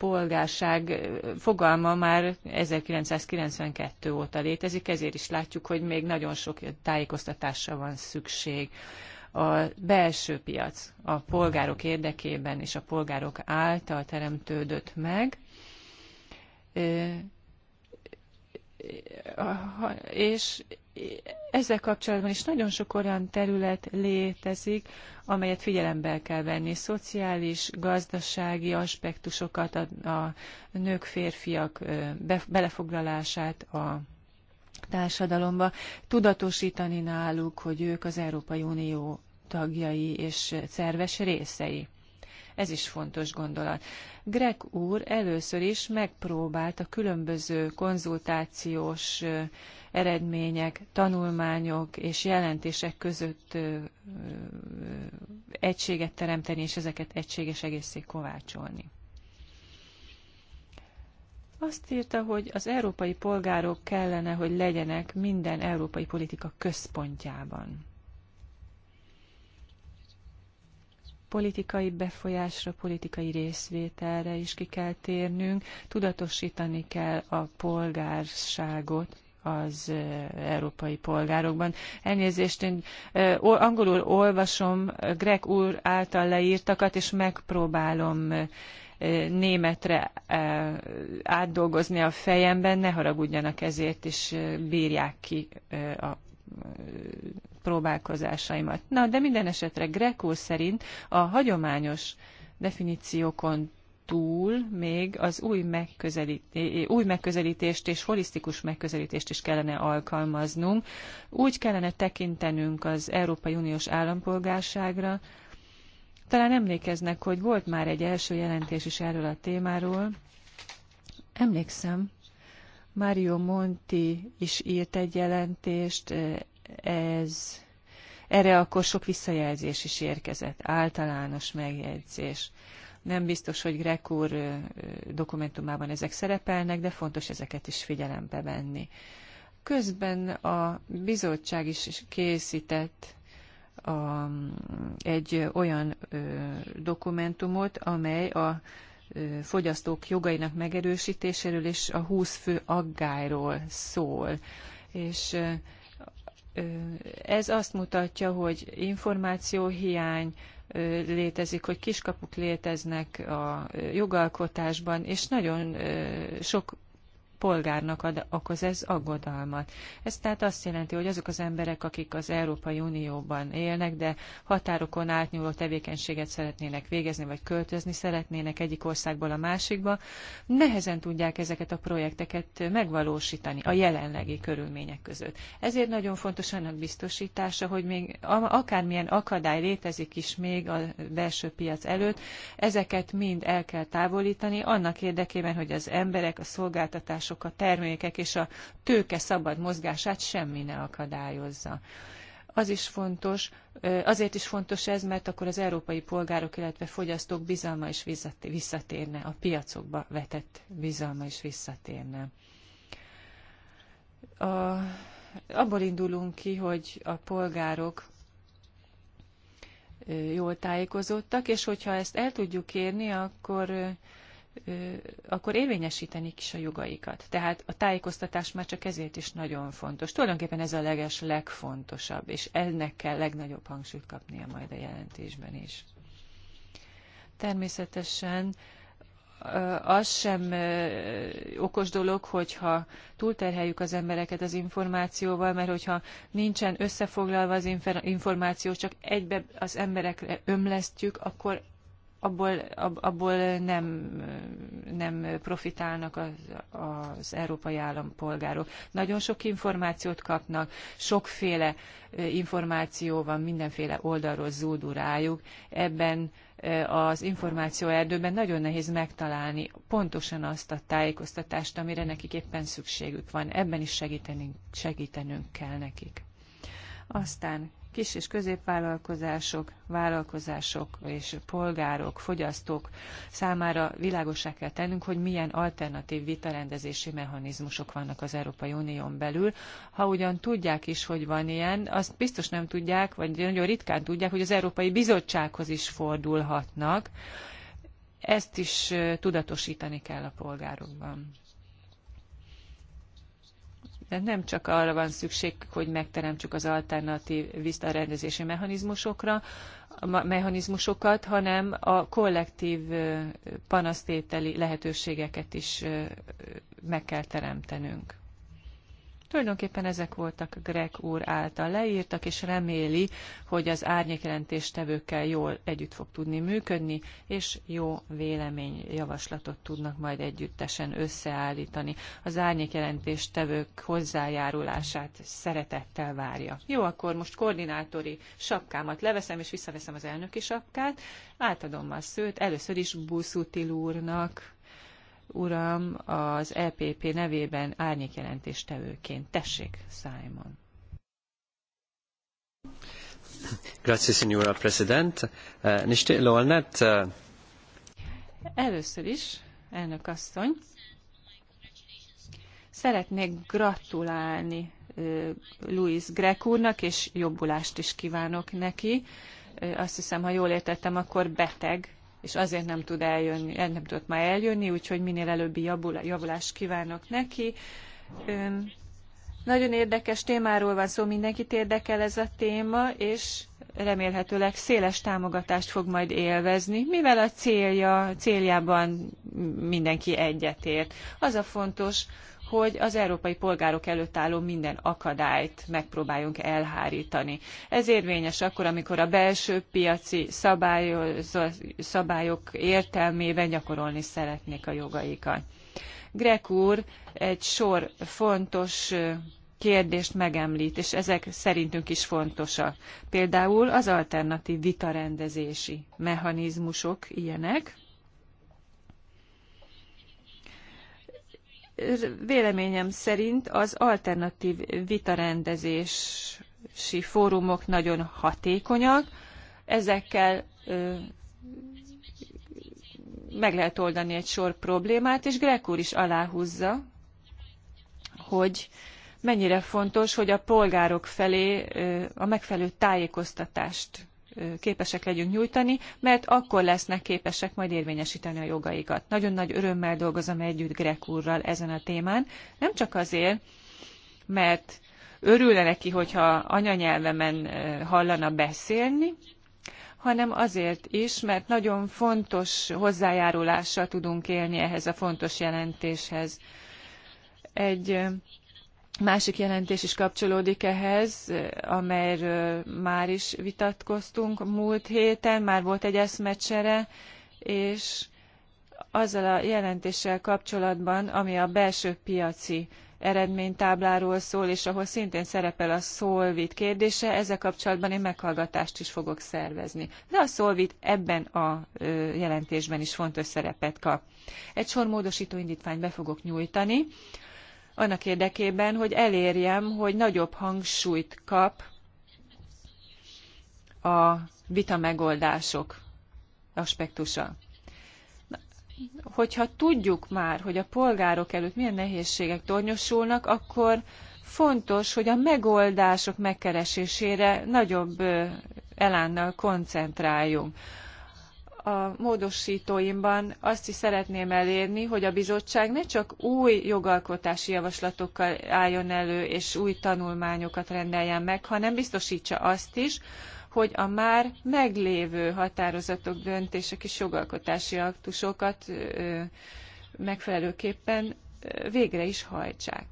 polgárság fogalma már 1992 óta létezik, ezért is látjuk, hogy még nagyon sok tájékoztatásra van szükség. A belső piac a polgárok érdekében és a polgárok által teremtődött meg, és ezzel kapcsolatban is nagyon sok olyan terület létezik, amelyet figyelembe kell venni. Szociális, gazdasági aspektusokat, a, a nők, férfiak be, belefoglalását a társadalomba, tudatosítani náluk, hogy ők az Európai Unió tagjai és szerves részei. Ez is fontos gondolat. Greg úr először is megpróbált a különböző konzultációs eredmények, tanulmányok és jelentések között egységet teremteni, és ezeket egységes egészé kovácsolni. Azt írta, hogy az európai polgárok kellene, hogy legyenek minden európai politika központjában. politikai befolyásra, politikai részvételre is ki kell térnünk, tudatosítani kell a polgárságot az európai polgárokban. Elnézést, én angolul olvasom Greg úr által leírtakat, és megpróbálom németre átdolgozni a fejemben, ne haragudjanak ezért, és bírják ki a próbálkozásaimat. Na, de minden esetre Grekó szerint a hagyományos definíciókon túl még az új, megközelíté, új megközelítést és holisztikus megközelítést is kellene alkalmaznunk. Úgy kellene tekintenünk az Európai Uniós állampolgárságra. Talán emlékeznek, hogy volt már egy első jelentés is erről a témáról. Emlékszem, Mario Monti is írt egy jelentést ez, erre akkor sok visszajelzés is érkezett, általános megjegyzés. Nem biztos, hogy Grek úr dokumentumában ezek szerepelnek, de fontos ezeket is figyelembe venni. Közben a bizottság is készített a, um, egy olyan ö, dokumentumot, amely a fogyasztók jogainak megerősítéséről és a 20 fő aggályról szól. És ez azt mutatja, hogy információhiány létezik, hogy kiskapuk léteznek a jogalkotásban, és nagyon sok polgárnak ad, okoz ez aggodalmat. Ez tehát azt jelenti, hogy azok az emberek, akik az Európai Unióban élnek, de határokon átnyúló tevékenységet szeretnének végezni, vagy költözni szeretnének egyik országból a másikba, nehezen tudják ezeket a projekteket megvalósítani a jelenlegi körülmények között. Ezért nagyon fontos annak biztosítása, hogy még akármilyen akadály létezik is még a belső piac előtt, ezeket mind el kell távolítani annak érdekében, hogy az emberek a szolgáltatás források, a termékek és a tőke szabad mozgását semmi ne akadályozza. Az is fontos, azért is fontos ez, mert akkor az európai polgárok, illetve fogyasztók bizalma is visszatérne, a piacokba vetett bizalma is visszatérne. A, abból indulunk ki, hogy a polgárok jól tájékozottak, és hogyha ezt el tudjuk érni, akkor akkor érvényesíteni is a jogaikat. Tehát a tájékoztatás már csak ezért is nagyon fontos. Tulajdonképpen ez a leges legfontosabb, és ennek kell legnagyobb hangsúlyt kapnia majd a jelentésben is. Természetesen az sem okos dolog, hogyha túlterheljük az embereket az információval, mert hogyha nincsen összefoglalva az információ, csak egybe az emberekre ömlesztjük, akkor abból, abból nem, nem profitálnak az, az európai állampolgárok. Nagyon sok információt kapnak, sokféle információ van, mindenféle oldalról zúdul rájuk. Ebben az információ erdőben nagyon nehéz megtalálni pontosan azt a tájékoztatást, amire nekik éppen szükségük van. Ebben is segítenünk, segítenünk kell nekik. Aztán kis és középvállalkozások, vállalkozások és polgárok, fogyasztók számára világosá kell tennünk, hogy milyen alternatív vitarendezési mechanizmusok vannak az Európai Unión belül. Ha ugyan tudják is, hogy van ilyen, azt biztos nem tudják, vagy nagyon ritkán tudják, hogy az Európai Bizottsághoz is fordulhatnak. Ezt is tudatosítani kell a polgárokban nem csak arra van szükség, hogy megteremtsük az alternatív visszarendezési mechanizmusokra, mechanizmusokat, hanem a kollektív panasztételi lehetőségeket is meg kell teremtenünk. Tulajdonképpen ezek voltak Greg úr által leírtak, és reméli, hogy az tevőkkel jól együtt fog tudni működni, és jó véleményjavaslatot tudnak majd együttesen összeállítani. Az tevők hozzájárulását szeretettel várja. Jó, akkor most koordinátori sapkámat leveszem, és visszaveszem az elnöki sapkát, átadom a szőt, először is Buszutil úrnak uram, az EPP nevében árnyékjelentéstevőként. Tessék, Simon. Grazie, signora President. Eh, eh. Először is, elnök asszony, szeretnék gratulálni eh, Luis Grek úrnak, és jobbulást is kívánok neki. Azt hiszem, ha jól értettem, akkor beteg és azért nem tud eljönni, nem tudott már eljönni, úgyhogy minél előbbi javulást kívánok neki. Nagyon érdekes témáról van szó, mindenkit érdekel ez a téma, és remélhetőleg széles támogatást fog majd élvezni, mivel a célja, céljában mindenki egyetért. Az a fontos, hogy az európai polgárok előtt álló minden akadályt megpróbáljunk elhárítani. Ez érvényes akkor, amikor a belső piaci szabályok értelmében gyakorolni szeretnék a jogaikat. Grek úr egy sor fontos kérdést megemlít, és ezek szerintünk is fontosak. Például az alternatív vitarendezési mechanizmusok ilyenek, véleményem szerint az alternatív vitarendezési fórumok nagyon hatékonyak, ezekkel meg lehet oldani egy sor problémát, és Greg úr is aláhúzza, hogy mennyire fontos, hogy a polgárok felé a megfelelő tájékoztatást képesek legyünk nyújtani, mert akkor lesznek képesek majd érvényesíteni a jogaikat. Nagyon nagy örömmel dolgozom együtt Grek úrral ezen a témán, nem csak azért, mert örülne neki, hogyha anyanyelvemen hallana beszélni, hanem azért is, mert nagyon fontos hozzájárulással tudunk élni ehhez a fontos jelentéshez. Egy másik jelentés is kapcsolódik ehhez, eh, amelyről eh, már is vitatkoztunk múlt héten, már volt egy eszmecsere, és azzal a jelentéssel kapcsolatban, ami a belső piaci eredménytábláról szól, és ahol szintén szerepel a Solvit kérdése, ezzel kapcsolatban én meghallgatást is fogok szervezni. De a Solvit ebben a jelentésben is fontos szerepet kap. Egy sor módosító indítványt be fogok nyújtani, annak érdekében, hogy elérjem, hogy nagyobb hangsúlyt kap a vita megoldások aspektusa. Hogyha tudjuk már, hogy a polgárok előtt milyen nehézségek tornyosulnak, akkor fontos, hogy a megoldások megkeresésére nagyobb elánnal koncentráljunk a módostóimban azt is szeretném elérni, hogy a bizottság ne csak új jogalkotási javaslatokkal álljon elő, és új tanulmányokat rendeljen meg, hanem biztosítsa azt is, hogy a már meglévő határozatok, döntések és jogalkotási aktusokat megfelelőképpen végre is hajtsák.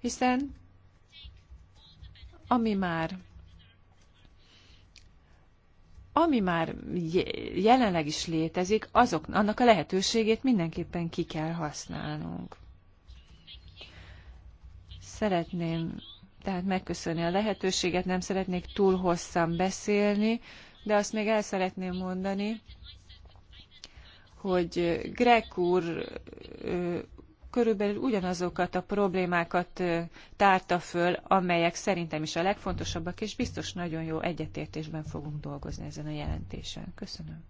Hiszen ami már ami már jelenleg is létezik, azok, annak a lehetőségét mindenképpen ki kell használnunk. Szeretném tehát megköszönni a lehetőséget, nem szeretnék túl hosszan beszélni, de azt még el szeretném mondani, hogy Greg úr körülbelül ugyanazokat a problémákat tárta föl, amelyek szerintem is a legfontosabbak, és biztos nagyon jó egyetértésben fogunk dolgozni ezen a jelentésen. Köszönöm.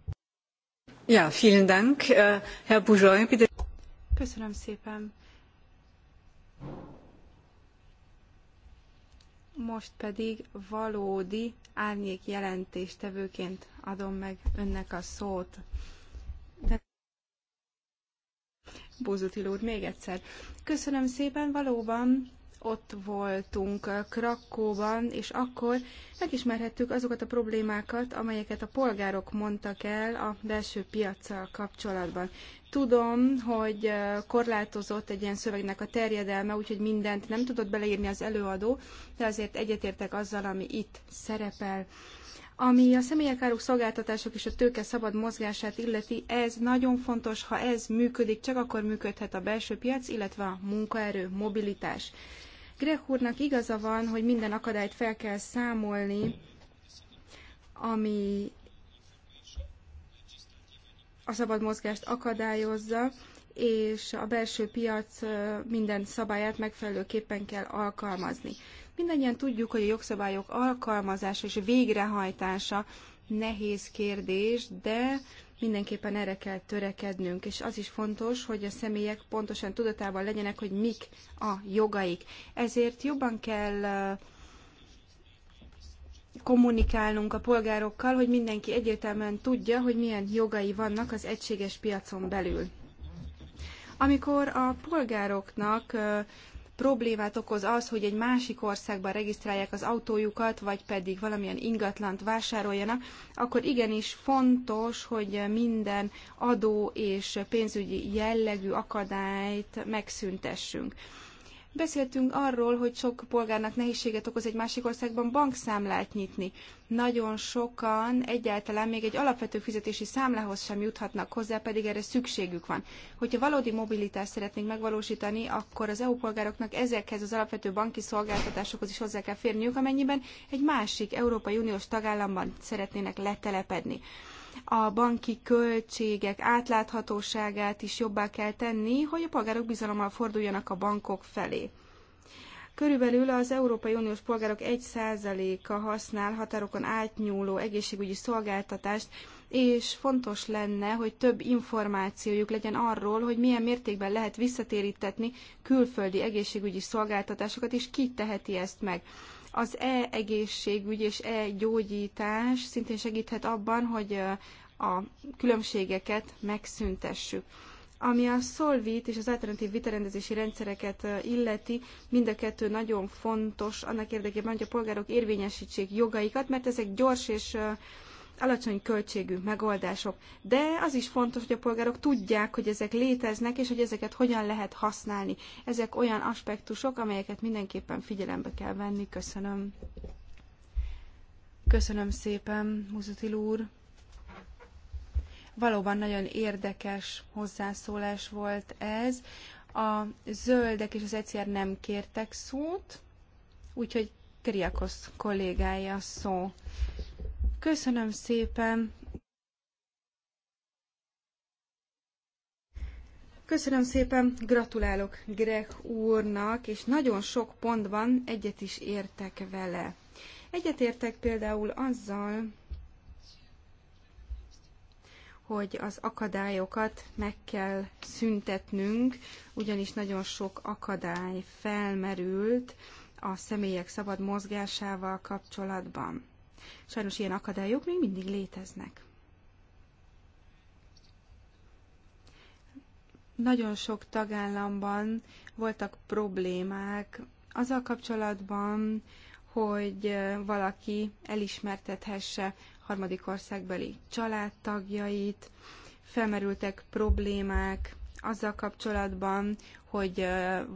Ja, vielen Dank, Herr Bujoy, bitte. Köszönöm szépen. Most pedig valódi árnyék jelentéstevőként adom meg önnek a szót. Búzuti úr még egyszer. Köszönöm szépen, valóban ott voltunk eh, Krakóban, és akkor megismerhettük azokat a problémákat, amelyeket a polgárok mondtak el a belső piaccal kapcsolatban. Tudom, hogy korlátozott egy ilyen szövegnek a terjedelme, úgyhogy mindent nem tudott beleírni az előadó, de azért egyetértek azzal, ami itt szerepel. Ami a személyek áruk szolgáltatások és a tőke szabad mozgását illeti, ez nagyon fontos, ha ez működik, csak akkor működhet a belső piac, illetve a munkaerő, mobilitás. Greg úrnak igaza van, hogy minden akadályt fel kell számolni, ami a szabad mozgást akadályozza, és a belső piac minden szabályát megfelelőképpen kell alkalmazni. Mindannyian tudjuk, hogy a jogszabályok alkalmazása és végrehajtása nehéz kérdés, de mindenképpen erre kell törekednünk, és az is fontos, hogy a személyek pontosan tudatában legyenek, hogy mik a jogaik. Ezért jobban kell kommunikálnunk a polgárokkal, hogy mindenki egyértelműen tudja, hogy milyen jogai vannak az egységes piacon belül. Amikor a polgároknak problémát okoz az, hogy egy másik országban regisztrálják az autójukat, vagy pedig valamilyen ingatlant vásároljanak, akkor igenis fontos, hogy minden adó és pénzügyi jellegű akadályt megszüntessünk. Beszéltünk arról, hogy sok polgárnak nehézséget okoz egy másik országban bankszámlát nyitni. Nagyon sokan egyáltalán még egy alapvető fizetési számlához sem juthatnak hozzá, pedig erre szükségük van. Hogyha valódi mobilitást szeretnénk megvalósítani, akkor az EU polgároknak ezekhez az alapvető banki szolgáltatásokhoz is hozzá kell férniük, amennyiben egy másik Európai Uniós tagállamban szeretnének letelepedni a banki költségek átláthatóságát is jobbá kell tenni, hogy a polgárok bizalommal forduljanak a bankok felé. Körülbelül az Európai Uniós polgárok 1%-a használ határokon átnyúló egészségügyi szolgáltatást, és fontos lenne, hogy több információjuk legyen arról, hogy milyen mértékben lehet visszatérítetni külföldi egészségügyi szolgáltatásokat, és ki teheti ezt meg. Az e-egészségügy és e-gyógyítás szintén segíthet abban, hogy a különbségeket megszüntessük. Ami a Solvit és az alternatív vitarendezési rendszereket illeti, mind a kettő nagyon fontos annak érdekében, hogy a polgárok érvényesítsék jogaikat, mert ezek gyors és alacsony költségű megoldások, de az is fontos, hogy a polgárok tudják, hogy ezek léteznek, és hogy ezeket hogyan lehet használni. Ezek olyan aspektusok, amelyeket mindenképpen figyelembe kell venni. Köszönöm. Köszönöm szépen, Muzutil úr. Valóban nagyon érdekes hozzászólás volt ez. A zöldek és az egyszer nem kértek szót, úgyhogy Kriakosz kollégája szó. Köszönöm szépen! Köszönöm szépen, gratulálok Greg úrnak, és nagyon sok pontban egyet is értek vele. értek például azzal, hogy az akadályokat meg kell szüntetnünk, ugyanis nagyon sok akadály felmerült a személyek szabad mozgásával kapcsolatban. Sajnos ilyen akadályok még mindig léteznek. Nagyon sok tagállamban voltak problémák azzal kapcsolatban, hogy valaki elismertethesse harmadik országbeli családtagjait, felmerültek problémák azzal kapcsolatban, hogy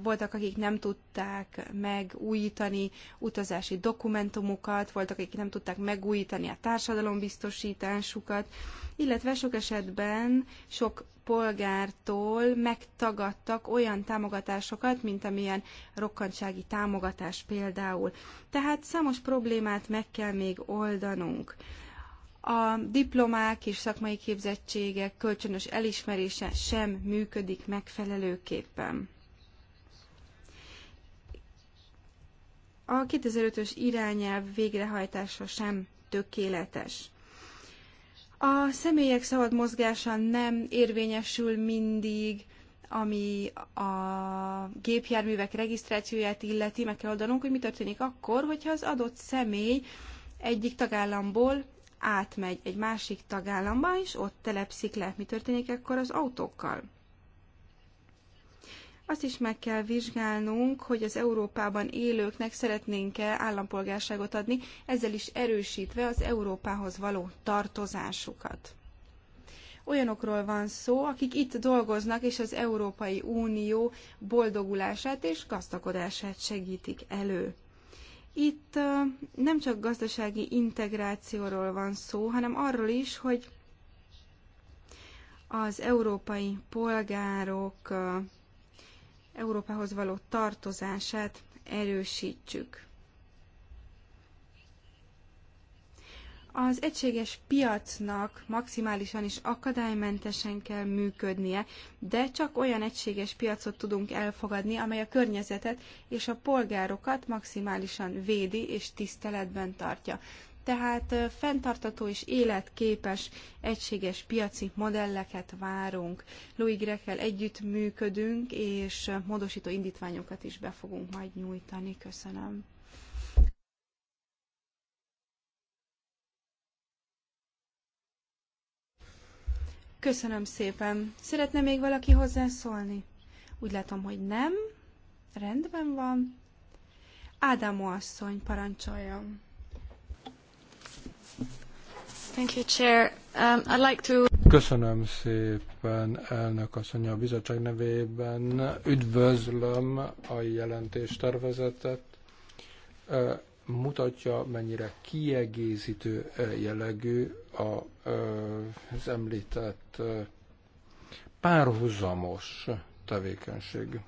voltak, akik nem tudták megújítani utazási dokumentumukat, voltak, akik nem tudták megújítani a társadalombiztosításukat, illetve sok esetben sok polgártól megtagadtak olyan támogatásokat, mint amilyen rokkantsági támogatás például. Tehát számos problémát meg kell még oldanunk a diplomák és szakmai képzettségek kölcsönös elismerése sem működik megfelelőképpen. A 2005-ös irányelv végrehajtása sem tökéletes. A személyek szabad mozgása nem érvényesül mindig, ami a gépjárművek regisztrációját illeti, meg kell oldanunk, hogy mi történik akkor, hogyha az adott személy egyik tagállamból átmegy egy másik tagállamba, és ott telepszik le. Mi történik akkor az autókkal? Azt is meg kell vizsgálnunk, hogy az Európában élőknek szeretnénk-e állampolgárságot adni, ezzel is erősítve az Európához való tartozásukat. Olyanokról van szó, akik itt dolgoznak, és az Európai Unió boldogulását és gazdagodását segítik elő. Itt nem csak gazdasági integrációról van szó, hanem arról is, hogy az európai polgárok Európához való tartozását erősítsük. Az egységes piacnak maximálisan is akadálymentesen kell működnie, de csak olyan egységes piacot tudunk elfogadni, amely a környezetet és a polgárokat maximálisan védi és tiszteletben tartja. Tehát fenntartató és életképes egységes piaci modelleket várunk. Louis Grekel együtt működünk, és módosító indítványokat is be fogunk majd nyújtani. Köszönöm. Köszönöm szépen. Szeretne még valaki hozzászólni? Úgy látom, hogy nem. Rendben van. Ádámó asszony, parancsoljon. Thank you, Chair. Um, I'd like to... Köszönöm szépen, elnök asszony a bizottság nevében. Üdvözlöm a jelentéstervezetet mutatja, mennyire kiegészítő eh, jellegű a, eh, az említett eh, párhuzamos tevékenység.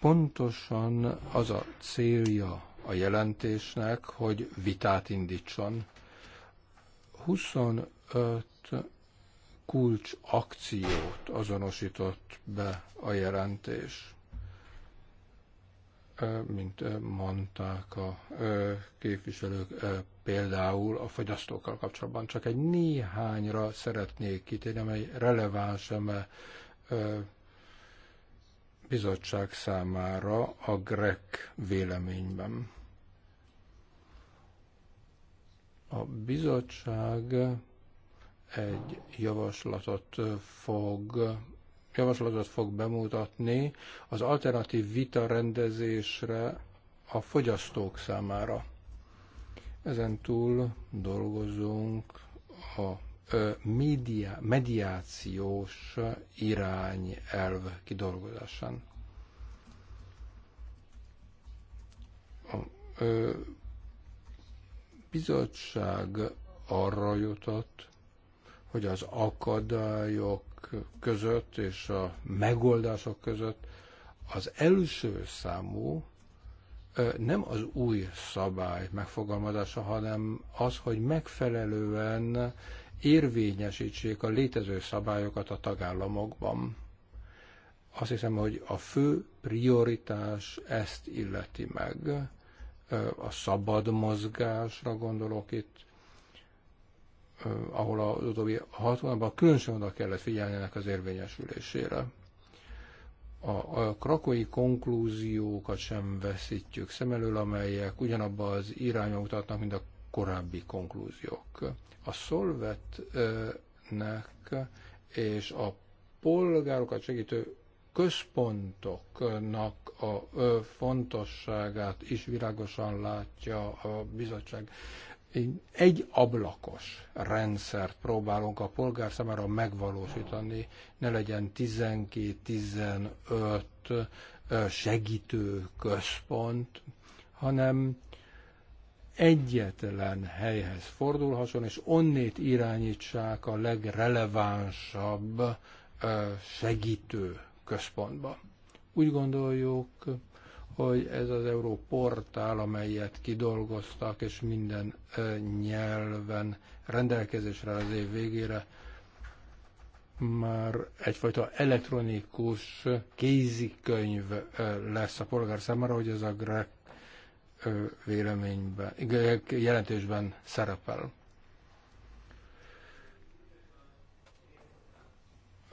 Pontosan az a célja a jelentésnek, hogy vitát indítson. 20 öt kulcs akciót azonosított be a jelentés. Mint mondták a képviselők, például a fogyasztókkal kapcsolatban csak egy néhányra szeretnék kitérni, amely releváns eme bizottság számára a grek véleményben. A bizottság egy javaslatot fog javaslatot fog bemutatni az alternatív vita rendezésre a fogyasztók számára. Ezen túl dolgozunk a média, mediációs irányelv kidolgozásán. A ö, bizottság arra jutott, hogy az akadályok között és a megoldások között az első számú nem az új szabály megfogalmazása, hanem az, hogy megfelelően érvényesítsék a létező szabályokat a tagállamokban. Azt hiszem, hogy a fő prioritás ezt illeti meg. A szabad mozgásra gondolok itt, ahol az utóbbi 60-ban különösen oda kellett ennek az érvényesülésére. A, a krakói konklúziókat sem veszítjük szem elől, amelyek ugyanabba az irányba mutatnak, mint a korábbi konklúziók. A szolvetnek és a polgárokat segítő központoknak a fontosságát is világosan látja a bizottság egy ablakos rendszert próbálunk a polgár számára megvalósítani, ne legyen 12-15 segítő központ, hanem egyetlen helyhez fordulhasson, és onnét irányítsák a legrelevánsabb segítő központba. Úgy gondoljuk, hogy ez az Európortál, amelyet kidolgoztak, és minden nyelven rendelkezésre az év végére, már egyfajta elektronikus kézikönyv lesz a polgár számára, hogy ez a grek véleményben, jelentésben szerepel.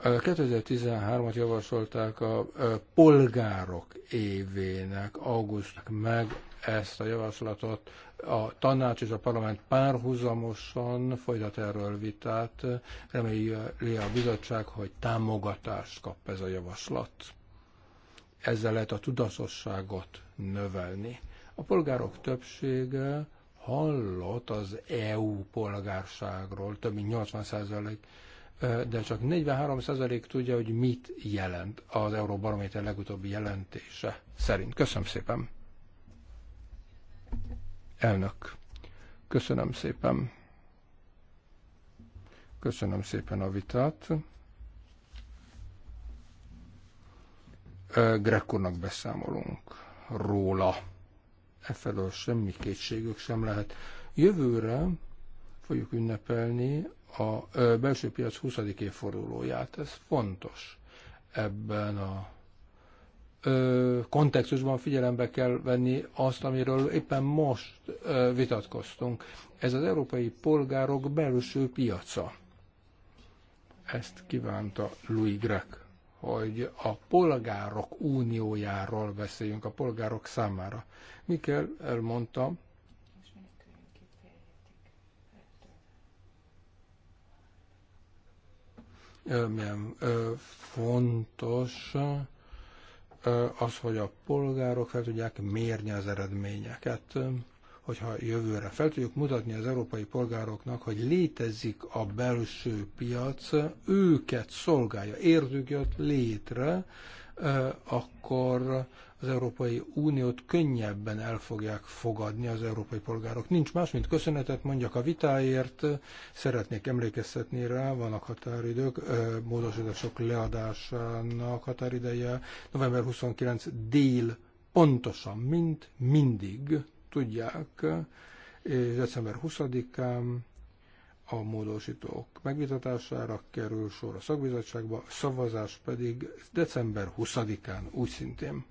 2013-at javasolták a polgárok évének, augusztusnak meg ezt a javaslatot. A tanács és a parlament párhuzamosan folytat erről vitát. Reméli a bizottság, hogy támogatást kap ez a javaslat. Ezzel lehet a tudatosságot növelni. A polgárok többsége hallott az EU polgárságról, több mint 80 százalék de csak 43% tudja, hogy mit jelent az Euróbarométer legutóbbi jelentése szerint. Köszönöm szépen. Elnök. Köszönöm szépen. Köszönöm szépen a vitát. Grekkornak beszámolunk róla. Efelől semmi kétségük sem lehet. Jövőre fogjuk ünnepelni a belső piac 20. évfordulóját. Ez fontos ebben a kontextusban figyelembe kell venni azt, amiről éppen most vitatkoztunk. Ez az európai polgárok belső piaca. Ezt kívánta Louis Grec, hogy a polgárok uniójáról beszéljünk, a polgárok számára. Mikkel elmondta, milyen fontos az, hogy a polgárok fel tudják mérni az eredményeket, hogyha jövőre fel tudjuk mutatni az európai polgároknak, hogy létezik a belső piac, őket szolgálja, értük jött létre, akkor az Európai Uniót könnyebben el fogják fogadni az európai polgárok. Nincs más, mint köszönetet mondjak a vitáért, szeretnék emlékeztetni rá, vannak határidők, módosítások leadásának határideje, november 29 dél, pontosan, mint mindig, tudják, és december 20-án a módosítók megvitatására kerül sor a szakbizottságba, a szavazás pedig december 20-án úgy szintén.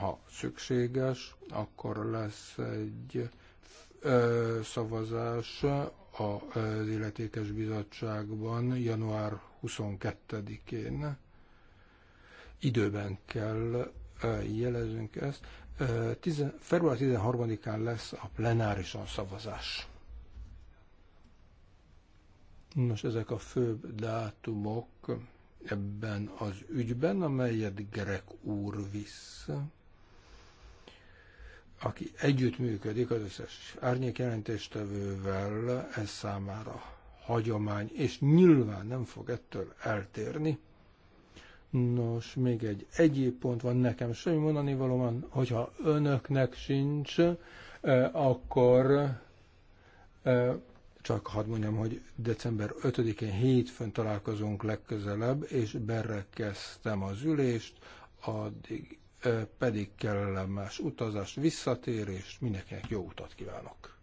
Ha szükséges, akkor lesz egy ö, szavazás az illetékes bizottságban január 22-én. Időben kell jeleznünk ezt. Február 13-án lesz a plenárisan szavazás. Nos, ezek a főbb dátumok ebben az ügyben, amelyet gerek úr visz aki együttműködik az összes árnyék jelentéstevővel, ez számára hagyomány, és nyilván nem fog ettől eltérni. Nos, még egy egyéb pont van nekem semmi mondani valóban, hogyha önöknek sincs, eh, akkor eh, csak hadd mondjam, hogy december 5-én hétfőn találkozunk legközelebb, és berekeztem az ülést, addig pedig kellemes utazást, visszatérést, mindenkinek jó utat kívánok!